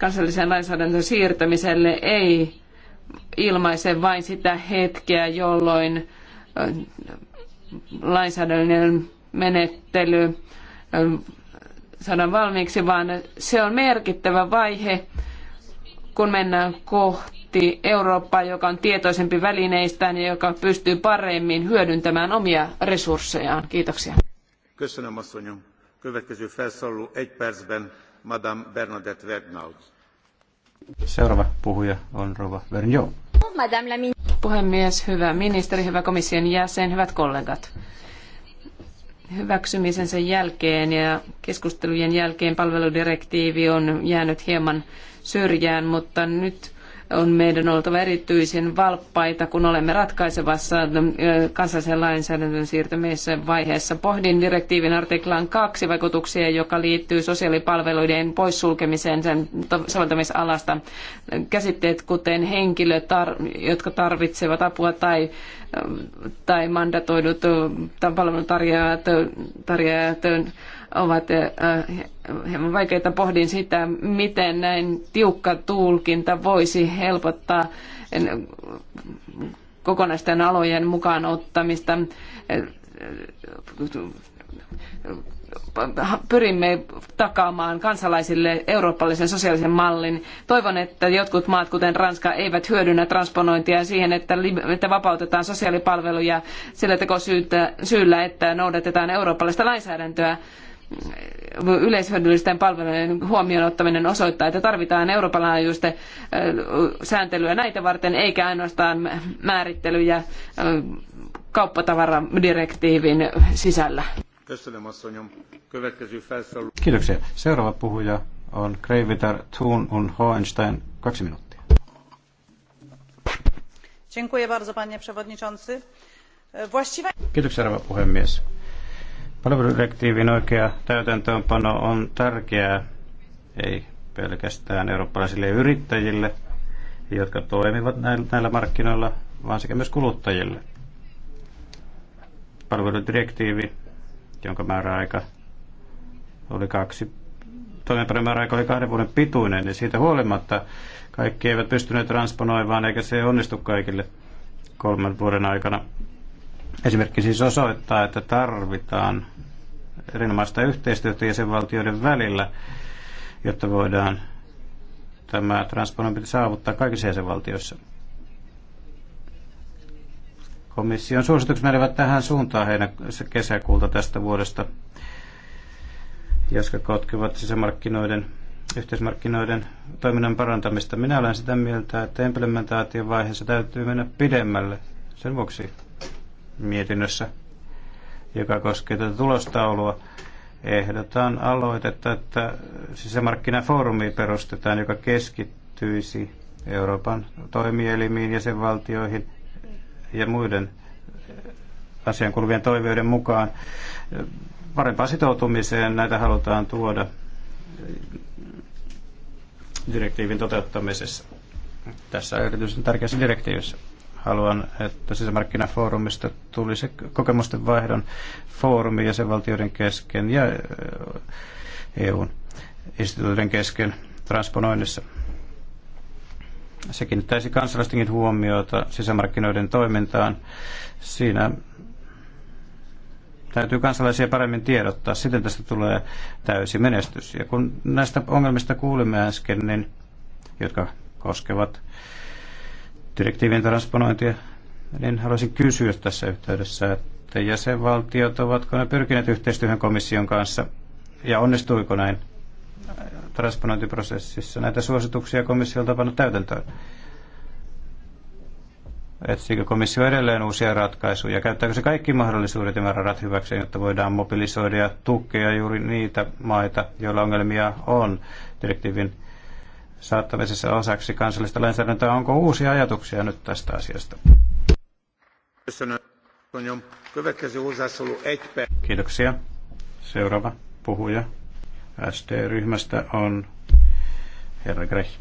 kansalliseen lainsäädäntöön siirtämiselle ei ilmaise vain sitä hetkeä, jolloin äh, lainsäädännöllinen menettely äh, saadaan valmiiksi, vaan se on merkittävä vaihe, kun mennään kohti Eurooppaa, joka on tietoisempi välineistään ja joka pystyy paremmin hyödyntämään omia resurssejaan. Kiitoksia. Köszönöm, asszonyom. Következő felszólaló egy percben Madame Bernadette Vergnaud. Seuraava puhuja on Rova Puhemies, hyvä ministeri, hyvä komission jäsen, hyvät kollegat hyväksymisensä jälkeen ja keskustelujen jälkeen palveludirektiivi on jäänyt hieman syrjään, mutta nyt on meidän oltava erityisen valppaita, kun olemme ratkaisevassa äh, kansallisen lainsäädännön siirtymisessä vaiheessa. Pohdin direktiivin artiklan kaksi vaikutuksia, joka liittyy sosiaalipalveluiden poissulkemiseen sen soveltamisalasta. Käsitteet kuten henkilöt, jotka tarvitsevat apua tai äh, tai mandatoidut äh, palveluntarjoajat tarjoajat, ovat hieman vaikeita. Pohdin sitä, miten näin tiukka tulkinta voisi helpottaa kokonaisten alojen mukaan ottamista. Pyrimme takaamaan kansalaisille eurooppalaisen sosiaalisen mallin. Toivon, että jotkut maat, kuten Ranska, eivät hyödynnä transponointia siihen, että, vapautetaan sosiaalipalveluja sillä tekosyyllä, että noudatetaan eurooppalaista lainsäädäntöä yleishyödyllisten palvelujen huomioon ottaminen osoittaa, että tarvitaan Euroopan laajuista sääntelyä näitä varten, eikä ainoastaan määrittelyjä kauppatavaradirektiivin sisällä. Kiitoksia. Seuraava puhuja on Kreivitar Thun und Hohenstein. Kaksi minuuttia. E, Kiitoksia, rouva puhemies Palveludirektiivin oikea täytäntöönpano on tärkeää, ei pelkästään eurooppalaisille yrittäjille, jotka toimivat näillä markkinoilla, vaan sekä myös kuluttajille. Palveludirektiivi, jonka määräaika oli kaksi, määräaika oli kahden vuoden pituinen, niin siitä huolimatta kaikki eivät pystyneet transponoimaan, eikä se onnistu kaikille kolmen vuoden aikana. Esimerkki siis osoittaa, että tarvitaan erinomaista yhteistyötä jäsenvaltioiden välillä, jotta voidaan tämä transponointi saavuttaa kaikissa jäsenvaltioissa. Komission suositukset menevät tähän suuntaan heinä kesäkuulta tästä vuodesta, jotka kotkevat sisämarkkinoiden yhteismarkkinoiden toiminnan parantamista. Minä olen sitä mieltä, että implementaation vaiheessa täytyy mennä pidemmälle. Sen vuoksi mietinnössä, joka koskee tätä tulostaulua. Ehdotan aloitetta, että sisämarkkinafoorumi perustetaan, joka keskittyisi Euroopan toimielimiin, jäsenvaltioihin ja muiden asian kuuluvien toiveiden mukaan parempaan sitoutumiseen. Näitä halutaan tuoda direktiivin toteuttamisessa tässä erityisen tärkeässä direktiivissä. Haluan, että sisämarkkinafoorumista tulisi kokemusten vaihdon foorumi jäsenvaltioiden kesken ja EUn eh, e instituutioiden kesken transponoinnissa. Se kiinnittäisi kansalaistenkin huomiota sisämarkkinoiden toimintaan. Siinä täytyy kansalaisia paremmin tiedottaa. Siten tästä tulee täysi menestys. Ja kun näistä ongelmista kuulimme äsken, niin, jotka koskevat direktiivien transponointia, niin haluaisin kysyä tässä yhteydessä, että jäsenvaltiot ovatko ne pyrkineet yhteistyöhön komission kanssa ja onnistuiko näin transponointiprosessissa näitä suosituksia komissiolta panna täytäntöön? Etsikö komissio edelleen uusia ratkaisuja? Käyttääkö se kaikki mahdollisuudet ja määrärat hyväksi, jotta voidaan mobilisoida ja tukea juuri niitä maita, joilla ongelmia on direktiivin saattamisessa osaksi kansallista lainsäädäntöä. Onko uusia ajatuksia nyt tästä asiasta? Kiitoksia. Seuraava puhuja SD-ryhmästä on herra Grech.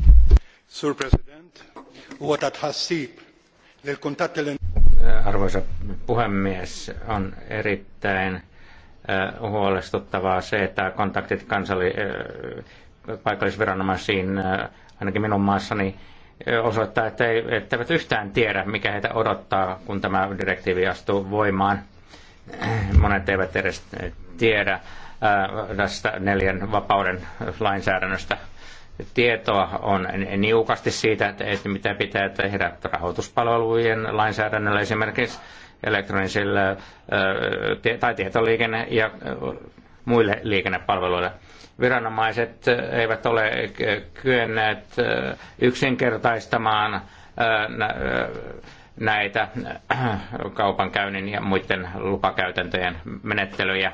Arvoisa puhemies, on erittäin äh, huolestuttavaa se, että kontaktit kansalli, äh, paikallisviranomaisiin, äh, ainakin minun maassani, äh, osoittaa, että eivät yhtään tiedä, mikä heitä odottaa, kun tämä direktiivi astuu voimaan. (clears throat) Monet eivät edes äh, tiedä tästä neljän vapauden lainsäädännöstä. Tietoa on niukasti siitä, että mitä pitää tehdä rahoituspalvelujen lainsäädännöllä esimerkiksi elektronisille tai tietoliikenne- ja muille liikennepalveluille – viranomaiset eh, eivät ole eh, kyenneet eh, yksinkertaistamaan näitä kaupankäynnin ja muiden lupakäytäntöjen menettelyjä.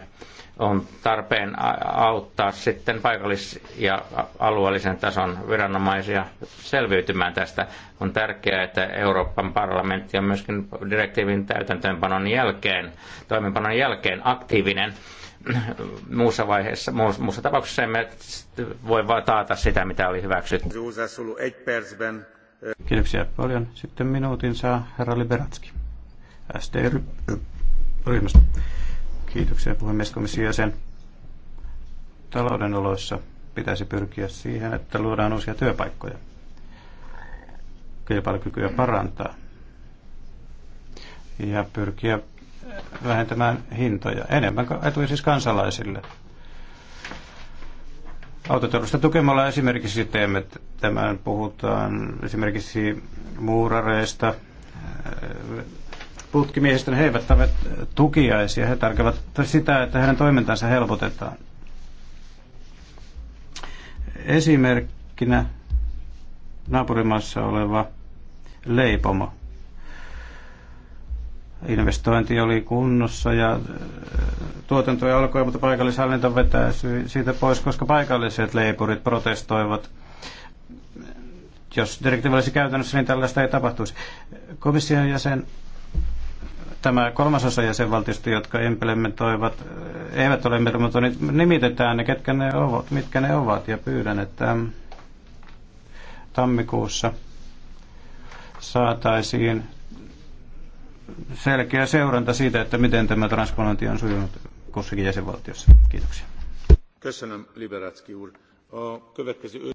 On tarpeen auttaa sitten paikallis- ja alueellisen tason viranomaisia selviytymään tästä. On tärkeää, että Euroopan parlamentti on myöskin direktiivin täytäntöönpanon jälkeen, toimenpanon jälkeen aktiivinen (clears throat) muussa vaiheessa, muussa tapauksessa emme voi taata sitä, mitä oli hyväksytty. Kiitoksia paljon. Sitten minuutin saa herra Liberatski. sd ryhmästä Kiitoksia puhemies komission jäsen. Talouden oloissa pitäisi pyrkiä siihen, että luodaan uusia työpaikkoja. Kilpailukykyä parantaa. Ja pyrkiä vähentämään hintoja. Enemmän etuja siis kansalaisille. Autotelusta tukemalla esimerkiksi teemme tämän, puhutaan esimerkiksi muurareista, putkimiehistä, he eivät ole tukiaisia, he tarkoittavat sitä, että heidän toimintansa helpotetaan. Esimerkkinä naapurimaassa oleva leipomo investointi oli kunnossa ja äh, tuotantoja alkoi, mutta paikallishallinto vetää siitä pois, koska paikalliset leipurit protestoivat. Jos direktiivi olisi käytännössä, niin tällaista ei tapahtuisi. Komission jäsen, tämä kolmasosa jäsenvaltiosta, jotka implementoivat, äh, eivät ole niin nimitetään ne, ketkä ne ovat, mitkä ne ovat, ja pyydän, että tammikuussa saataisiin selkeä seuranta siitä, että miten tämä transplantointi on sujunut kussakin jäsenvaltiossa. Kiitoksia.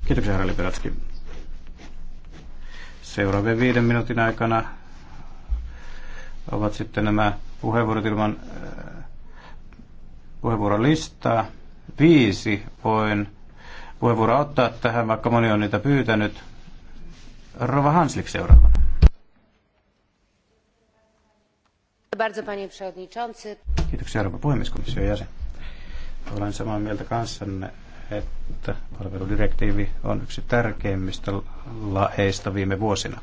Kiitoksia, herra Liberatski. Seuraavien viiden minuutin aikana ovat sitten nämä puheenvuorot ilman äh, puheenvuorolistaa. Viisi voin puheenvuoroa ottaa tähän, vaikka moni on niitä pyytänyt. Rova Hanslik seuraavana. Bardzo, panie przewodniczący. Kiitoksia, arvoisa puhemies, komission jäsen. Olen samaa mieltä kanssanne, että palveludirektiivi on yksi tärkeimmistä laeista viime vuosina.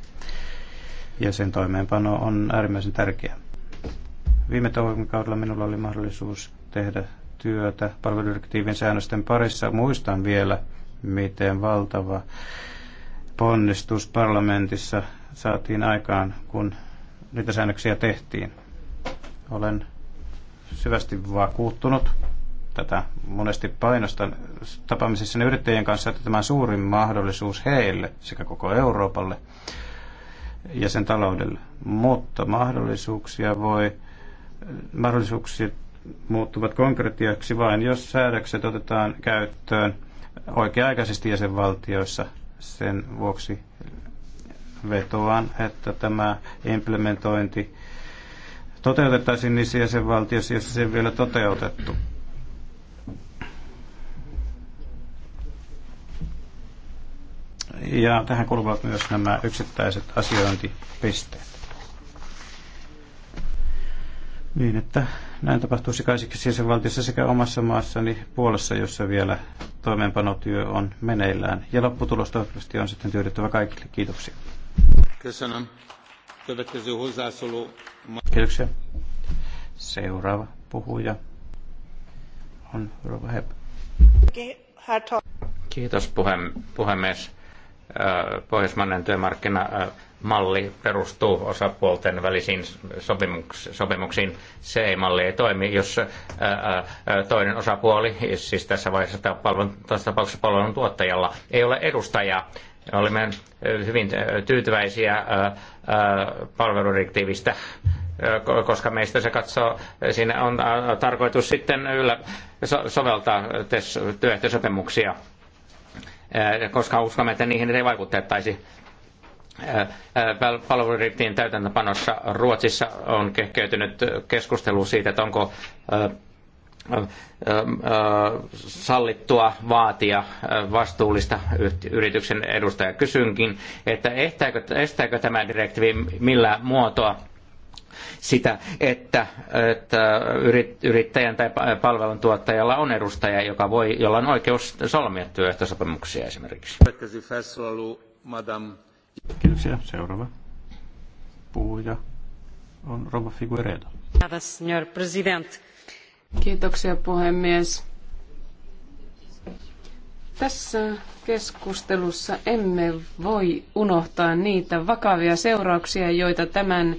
Ja sen toimeenpano on äärimmäisen tärkeää. Viime kaudella minulla oli mahdollisuus tehdä työtä palveludirektiivin säännösten parissa. Muistan vielä, miten valtava ponnistus parlamentissa saatiin aikaan, kun niitä säännöksiä tehtiin. Olen syvästi vakuuttunut tätä monesti painostan tapaamisissa yrittäjien kanssa, että tämä on suurin mahdollisuus heille sekä koko Euroopalle ja sen taloudelle. Mutta mahdollisuuksia voi, mahdollisuuksia muuttuvat konkretiaksi vain, jos säädökset otetaan käyttöön oikea-aikaisesti jäsenvaltioissa. Sen vuoksi vetoan, että tämä implementointi toteutettaisiin niissä jäsenvaltioissa, joissa se ei vielä toteutettu. Ja tähän kuuluvat myös nämä yksittäiset asiointipisteet. Niin, että näin tapahtuisi kaikissa jäsenvaltiossa sekä omassa maassani puolessa, jossa vielä toimeenpanotyö on meneillään. Ja lopputulos toivottavasti on sitten tyydyttävä kaikille. Kiitoksia. Kesänä. Kiitoksia. Seuraava puhuja on Rova Hepp. Kiitos puhemies. Pohjoismainen työmarkkinamalli perustuu osapuolten välisiin sopimuksiin. CE-malli ei toimi, jos toinen osapuoli, siis tässä vaiheessa tässä tapauksessa palveluntuottajalla, ei ole edustajaa Olimme hyvin tyytyväisiä palveludirektiivistä, koska meistä se katsoo, siinä on tarkoitus sitten yllä soveltaa työehtosopimuksia, koska uskomme, että niihin ei vaikuttaisi. palveludirektiivin täytäntöpanossa Ruotsissa on kehkeytynyt keskustelu siitä, että onko sallittua vaatia vastuullista yrityksen edustajaa. Kysynkin, että ehtääkö, estääkö tämä direktiivi millään muotoa sitä, että, että yrittäjän tai palveluntuottajalla on edustaja, joka voi, jolla on oikeus solmia työehtosopimuksia esimerkiksi. Kiitoksia. Seuraava puhuja on Rova Figueredo. Kiitoksia puhemies. Tässä keskustelussa emme voi unohtaa niitä vakavia seurauksia, joita tämän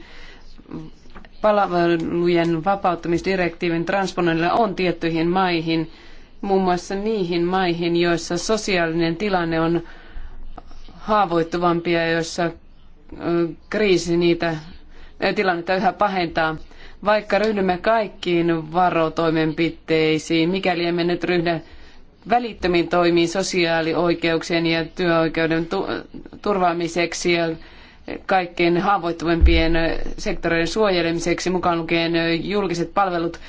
palvelujen vapauttamisdirektiivin transponoinnilla on tiettyihin maihin, muun muassa niihin maihin, joissa sosiaalinen tilanne on haavoittuvampia, joissa kriisi niitä tilannetta yhä pahentaa vaikka ryhdymme kaikkiin varotoimenpiteisiin, mikäli emme nyt ryhdy välittömiin toimiin sosiaalioikeuksien ja työoikeuden turvaamiseksi ja kaikkein haavoittuvimpien sektoreiden suojelemiseksi, mukaan lukien julkiset palvelut,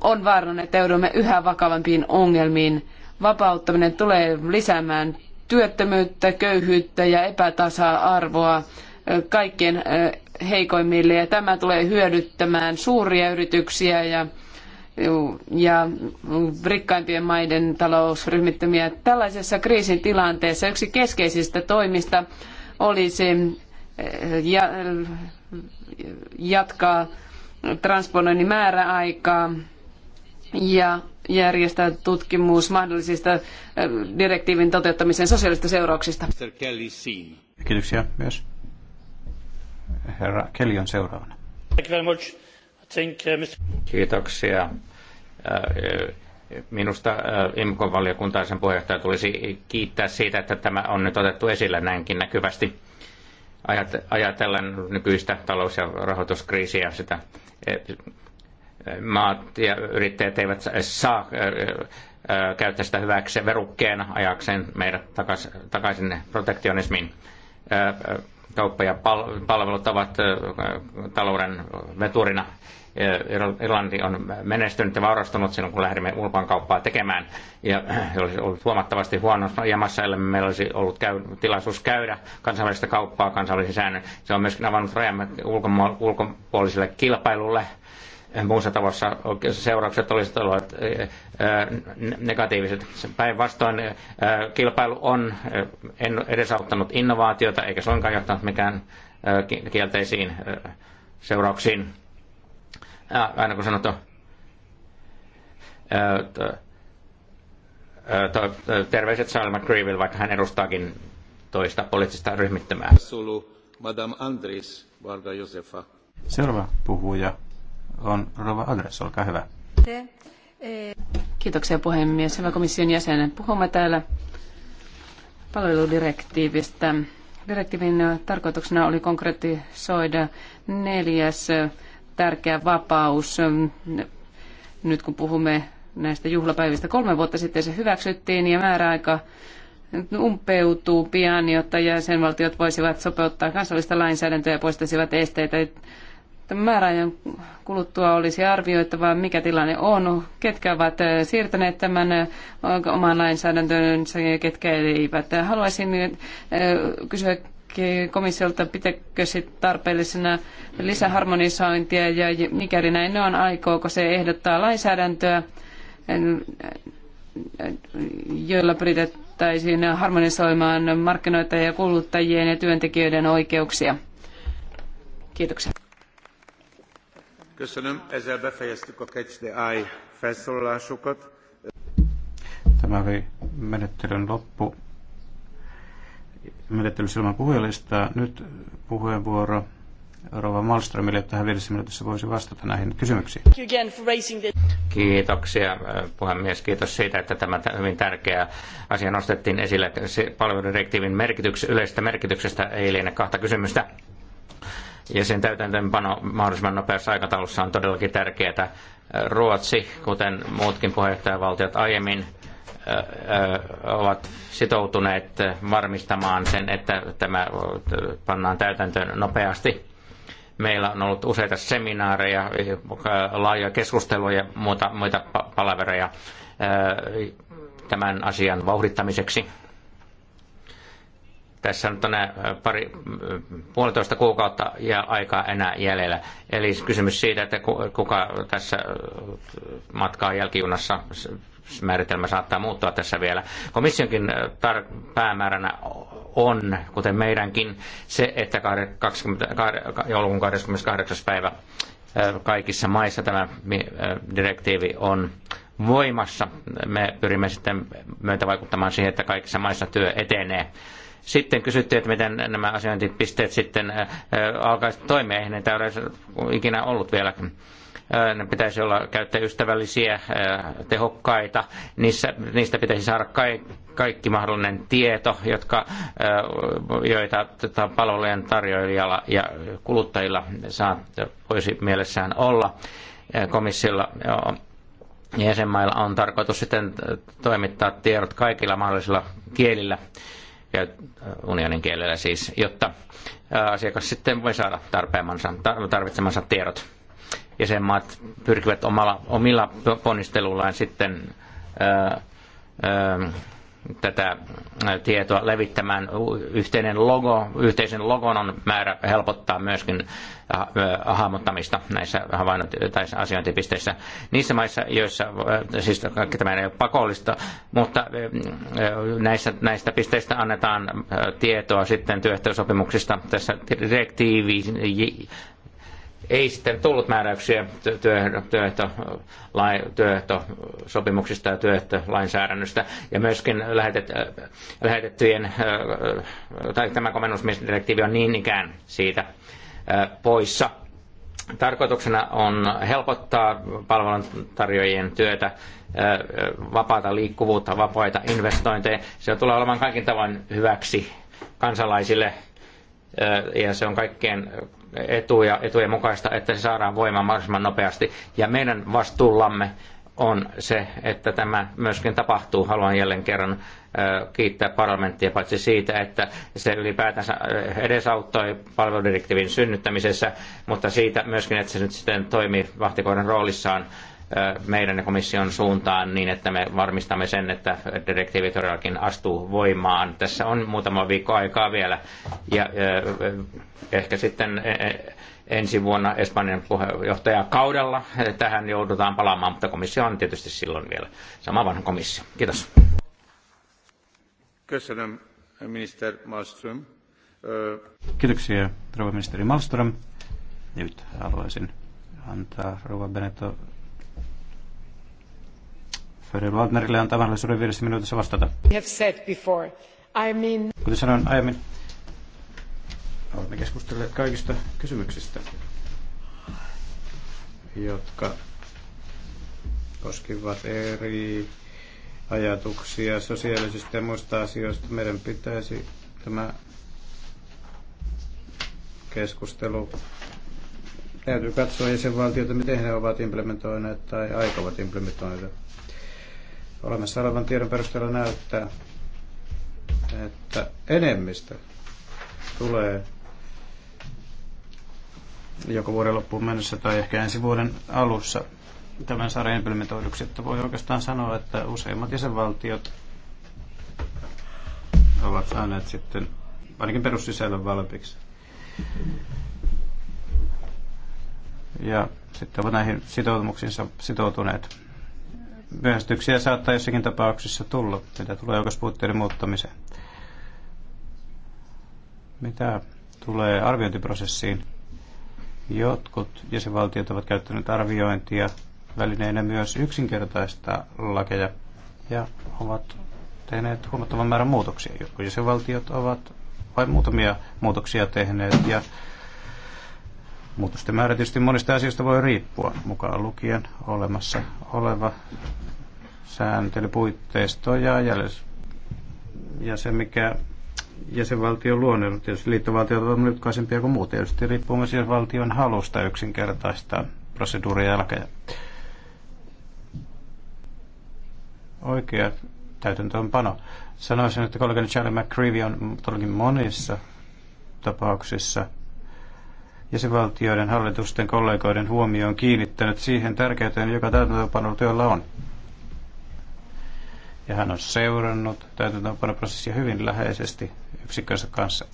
on vaarana, että joudumme yhä vakavampiin ongelmiin. Vapauttaminen tulee lisäämään työttömyyttä, köyhyyttä ja epätasa-arvoa kaikkien heikoimmille ja tämä tulee hyödyttämään suuria yrityksiä ja ja rikkaimpien maiden talousryhmittymiä. Tällaisessa kriisin tilanteessa yksi keskeisistä toimista olisi jatkaa transponoinnin määräaikaa ja järjestää tutkimus mahdollisista direktiivin toteuttamisen sosiaalista seurauksista. Kiitoksia myös. Herra Kelly on seuraavana. Kiitoksia. Minusta IMKon valiokunta ja sen puheenjohtaja tulisi kiittää siitä, että tämä on nyt otettu esille näinkin näkyvästi ajatellen nykyistä talous- ja rahoituskriisiä sitä äh, maat ja yrittäjät eivät saa äh, äh, käyttää sitä hyväkseen verukkeena ajakseen meidät takaisin protektionismiin kauppa ja palvelut ovat talouden veturina. Irlanti on menestynyt ja vaurastunut silloin, kun lähdimme ulkomaankauppaa kauppaa tekemään. Ja (clears throat) olisi ollut huomattavasti huono jamassa, ellei meillä olisi ollut käy, tilaisuus käydä kansainvälistä kauppaa kansainvälisen säännön. Se on myöskin avannut rajamme ulkopuoliselle kilpailulle muussa tavassa seuraukset olisivat olleet negatiiviset. Päinvastoin kilpailu on edesauttanut innovaatiota eikä suinkaan johtanut mikään kielteisiin seurauksiin. Aina kun sanottu, terveiset Charles McGreeville, vaikka hän edustaakin toista poliittista ryhmittymää. Madame Andris, Varga Josefa. Seuraava puhuja on Rova Agres, olkaa hyvä. Kiitoksia puhemies. Hyvä komission jäsen. Puhumme täällä palveludirektiivistä. Direktiivin tarkoituksena oli konkretisoida neljäs tärkeä vapaus. Nyt kun puhumme näistä juhlapäivistä kolme vuotta sitten se hyväksyttiin ja määräaika umpeutuu pian, jotta jäsenvaltiot voisivat sopeuttaa kansallista lainsäädäntöä ja poistaisivat esteitä Tämän määräajan kuluttua olisi arvioitava, mikä tilanne on, ketkä ovat eh, siirtäneet tämän eh, oman lainsäädäntönsä ja ketkä eivät. Haluaisin eh, kysyä komissiolta, pitäkö sit tarpeellisena lisäharmonisointia ja mikäli näin on, aikooko se ehdottaa lainsäädäntöä, joilla pyritettäisiin harmonisoimaan markkinoita ja kuluttajien ja työntekijöiden oikeuksia. Kiitoksia. Ezzel befejeztük a Catch the Eye felszólalásokat. Tämä oli menettelyn loppu. Menettelyssä ilman puhujalistaa. Nyt puheenvuoro Rova Malströmille, että hän viidessä minuutissa voisi vastata näihin kysymyksiin. Kiitoksia äh, puhemies. Kiitos siitä, että tämä hyvin tärkeä asia nostettiin esille. Palveludirektiivin merkityks, yleisestä merkityksestä ei liene kahta kysymystä ja sen täytäntöönpano mahdollisimman nopeassa aikataulussa on todellakin tärkeää. Ruotsi, kuten muutkin puheenjohtajavaltiot aiemmin, ovat sitoutuneet varmistamaan sen, että tämä pannaan täytäntöön nopeasti. Meillä on ollut useita seminaareja, laajoja keskusteluja ja muita, muita palavereja tämän asian vauhdittamiseksi tässä nyt on äh, pari, äh, puolitoista kuukautta ja aikaa enää jäljellä. Eli kysymys siitä, että kuka tässä äh, matkaa jälkijunassa määritelmä saattaa muuttua tässä vielä. Komissionkin tar- päämääränä on, kuten meidänkin, se, että 20, 20, joulukuun 28. päivä kaikissa maissa tämä direktiivi on voimassa. Me pyrimme sitten myötä vaikuttamaan siihen, että kaikissa maissa työ etenee sitten kysyttiin, että miten nämä asiointipisteet sitten äh, äh, alkaisivat toimia. Eihän niitä ole ikinä ollut vieläkin äh, ne pitäisi olla käyttäjäystävällisiä, tehokkaita, niissä, niistä pitäisi saada kaikki mahdollinen tieto, jotka, joita tota, palvelujen tarjoajilla ja kuluttajilla saa, voisi mielessään olla. Komissiolla jäsenmailla on tarkoitus sitten toimittaa tiedot kaikilla mahdollisilla kielillä ja äh, unionin kielellä siis, jotta äh, asiakas sitten voi saada tarvitsemansa tiedot. Jäsenmaat pyrkivät omalla, omilla ponnistelullaan sitten ää, äh, ää, tätä tietoa levittämään. Yhteinen logo, yhteisen logon on määrä helpottaa myöskin hahmottamista näissä havainno- tai asiointipisteissä. Niissä maissa, joissa, siis kaikki tämä ei ole pakollista, mutta näissä näistä pisteistä annetaan tietoa sitten työehtosopimuksista. Tässä direktiivi ei sitten tullut määräyksiä työehtosopimuksista ja työehtolainsäädännöstä. Ja myöskin lähetet, äh, lähetettyjen, äh, tai tämä komennusmiesdirektiivi on niin ikään siitä äh, poissa. Tarkoituksena on helpottaa palveluntarjoajien työtä, vapaata liikkuvuutta, vapaita investointeja. Se tulee olemaan kaikin tavoin hyväksi kansalaisille ja se on kaikkien etuja, etujen mukaista, että se saadaan voimaan mahdollisimman nopeasti. Ja meidän vastuullamme on se, että tämä myöskin tapahtuu. Haluan jälleen kerran kiittää parlamenttia paitsi siitä, että se ylipäätänsä edesauttoi palveludirektiivin synnyttämisessä, mutta siitä myöskin, että se nyt sitten toimii vahtikoiden roolissaan meidän ja komission suuntaan niin, että me varmistamme sen, että direktiivi todellakin astuu voimaan. Tässä on muutama viikko aikaa vielä ja ehkä sitten e, e, ensi vuonna Espanjan puheenjohtajakaudella tähän joudutaan palaamaan, mutta komissio on tietysti silloin vielä sama vanha komissio. Kiitos. Köszönöm, minister Malmström. Kiitoksia, rouva ministeri Malmström. Nyt haluaisin antaa rouva Beneto Ferry Waldnerille antaa mahdollisuuden viidessä minuutissa vastata. Kuten sanoin aiemmin, olemme keskustelleet kaikista kysymyksistä, jotka koskivat eri ajatuksia sosiaalisista ja muista asioista. Meidän pitäisi tämä keskustelu täytyy katsoa jäsenvaltioita, miten he ovat implementoineet tai aikovat implementoida Olemassa olevan tiedon perusteella näyttää, että enemmistö tulee joko vuoden loppuun mennessä tai ehkä ensi vuoden alussa tämän sarjan implementoiduksi. Että voi oikeastaan sanoa, että useimmat jäsenvaltiot ovat saaneet sitten ainakin perussisällön valmiiksi. Ja sitten ovat näihin sitoutumuksiinsa sitoutuneet myöhästyksiä saattaa jossakin tapauksessa tulla, mitä tulee oikeuspuutteiden muuttamiseen. Mitä tulee arviointiprosessiin? Jotkut jäsenvaltiot ovat käyttäneet arviointia välineenä myös yksinkertaista lakeja ja ovat tehneet huomattavan määrän muutoksia. Jotkut jäsenvaltiot ovat vain muutamia muutoksia tehneet ja Muutosten määrä tietysti monista asioista voi riippua, mukaan lukien olemassa oleva sääntelypuitteisto ja, jäljys. ja se, mikä jäsenvaltion luonne, niin tietysti liittovaltiot ovat lykkaisempiä kuin muut, tietysti riippuu myös valtion halusta yksinkertaistaa proseduuria jälkeen. Oikea täytäntöönpano. Sanoisin, että kollegani Charlie McCreevy on todellakin monissa tapauksissa – jäsenvaltioiden hallitusten kollegoiden huomioon kiinnittänyt siihen tärkeyteen, joka täytäntöönpanotyöllä on. Ja hän on seurannut täytäntöönpanoprosessia hyvin läheisesti yksikkönsä kanssa.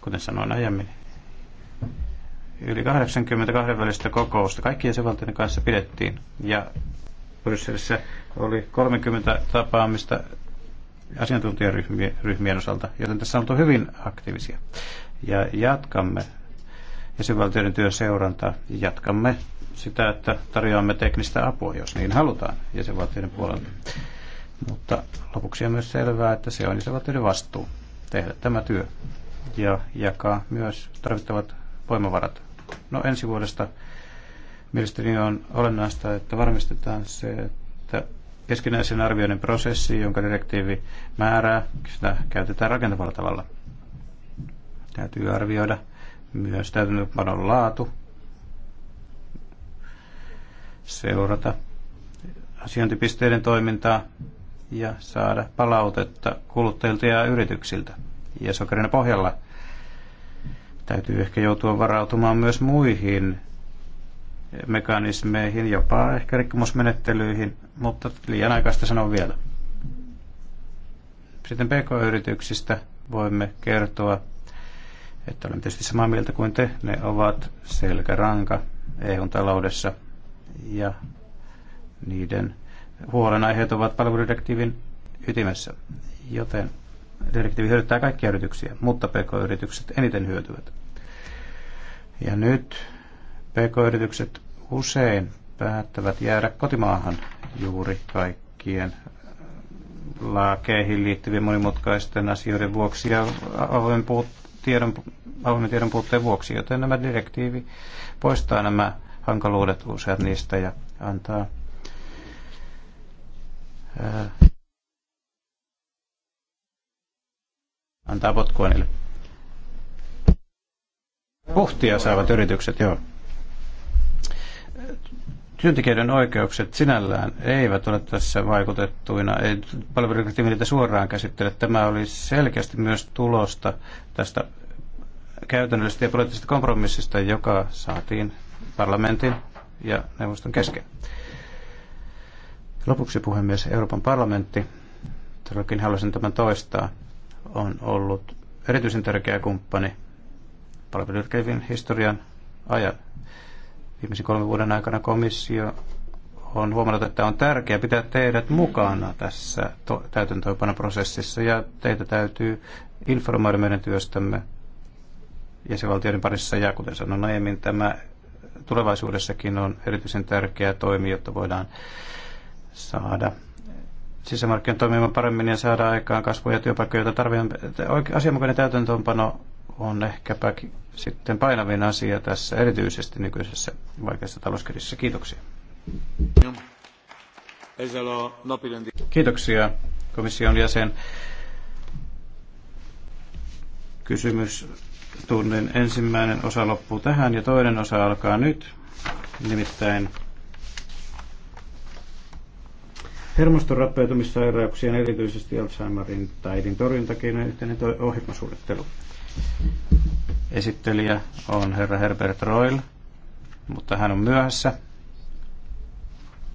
Kuten sanoin aiemmin, yli 80 kahdenvälistä kokousta kaikkien jäsenvaltioiden kanssa pidettiin. Ja Brysselissä oli 30 tapaamista asiantuntijaryhmien osalta, joten tässä on oltu hyvin aktiivisia. Ja jatkamme jäsenvaltioiden seurantaa. jatkamme sitä, että tarjoamme teknistä apua, jos niin halutaan, jäsenvaltioiden puolelta. Mutta lopuksi on myös selvää, että se on jäsenvaltioiden vastuu tehdä tämä työ ja jakaa myös tarvittavat voimavarat. No ensi vuodesta mielestäni on olennaista, että varmistetaan se, että keskinäisen arvioinnin prosessi, jonka direktiivi määrää, sitä käytetään rakentavalla tavalla. Täytyy arvioida myös täytäntöönpanon laatu, seurata asiointipisteiden toimintaa ja saada palautetta kuluttajilta ja yrityksiltä. Ja sokerina pohjalla täytyy ehkä joutua varautumaan myös muihin mekanismeihin, jopa ehkä rikkomusmenettelyihin, mutta liian aikaista sanoa vielä. Sitten PK-yrityksistä voimme kertoa, että olen tietysti samaa mieltä kuin te, ne ovat selkäranka eu taloudessa ja niiden huolenaiheet ovat palveludirektiivin ytimessä, joten direktiivi hyödyttää kaikkia yrityksiä, mutta PK-yritykset eniten hyötyvät. Ja nyt PK-yritykset usein päättävät jäädä kotimaahan juuri kaikkien äh, laakeihin liittyvien monimutkaisten asioiden vuoksi ja avoimen, puut, tiedon, avoimen tiedon puutteen vuoksi, joten nämä direktiivi poistaa nämä hankaluudet useat niistä ja antaa ää, äh, antaa potkua niille. Puhtia saavat yritykset, joo. Työntekijöiden oikeukset sinällään eivät ole tässä vaikutettuina. Ei palveludirektiivi niitä suoraan käsittele. Tämä oli selkeästi myös tulosta tästä käytännöllisestä ja poliittisesta kompromissista, joka saatiin parlamentin ja neuvoston kesken. Lopuksi puhemies Euroopan parlamentti, todellakin haluaisin tämän toistaa, on ollut erityisen tärkeä kumppani palveludirektiivin historian ajan. Viimeisen kolmen vuoden aikana komissio on huomannut, että on tärkeää pitää teidät mukana tässä to- täytäntöönpanoprosessissa ja teitä täytyy informoida meidän työstämme jäsenvaltioiden parissa. Ja kuten sanoin aiemmin, tämä tulevaisuudessakin on erityisen tärkeä toimi, jotta voidaan saada sisämarkkinoiden toimimaan paremmin ja saada aikaan kasvua ja työpaikkoja, joita tarvitaan. Asianmukainen täytäntöönpano on ehkäpä sitten painavin asia tässä, erityisesti nykyisessä vaikeassa talouskriisissä. Kiitoksia. Kiitoksia komission jäsen. Kysymys tunnin ensimmäinen osa loppuu tähän ja toinen osa alkaa nyt, nimittäin hermoston rappeutumissairauksien, erityisesti Alzheimerin taidin torjuntakeinojen yhteinen ohjelmasuunnittelu. Esittelijä on herra Herbert Royle, mutta hän on myöhässä.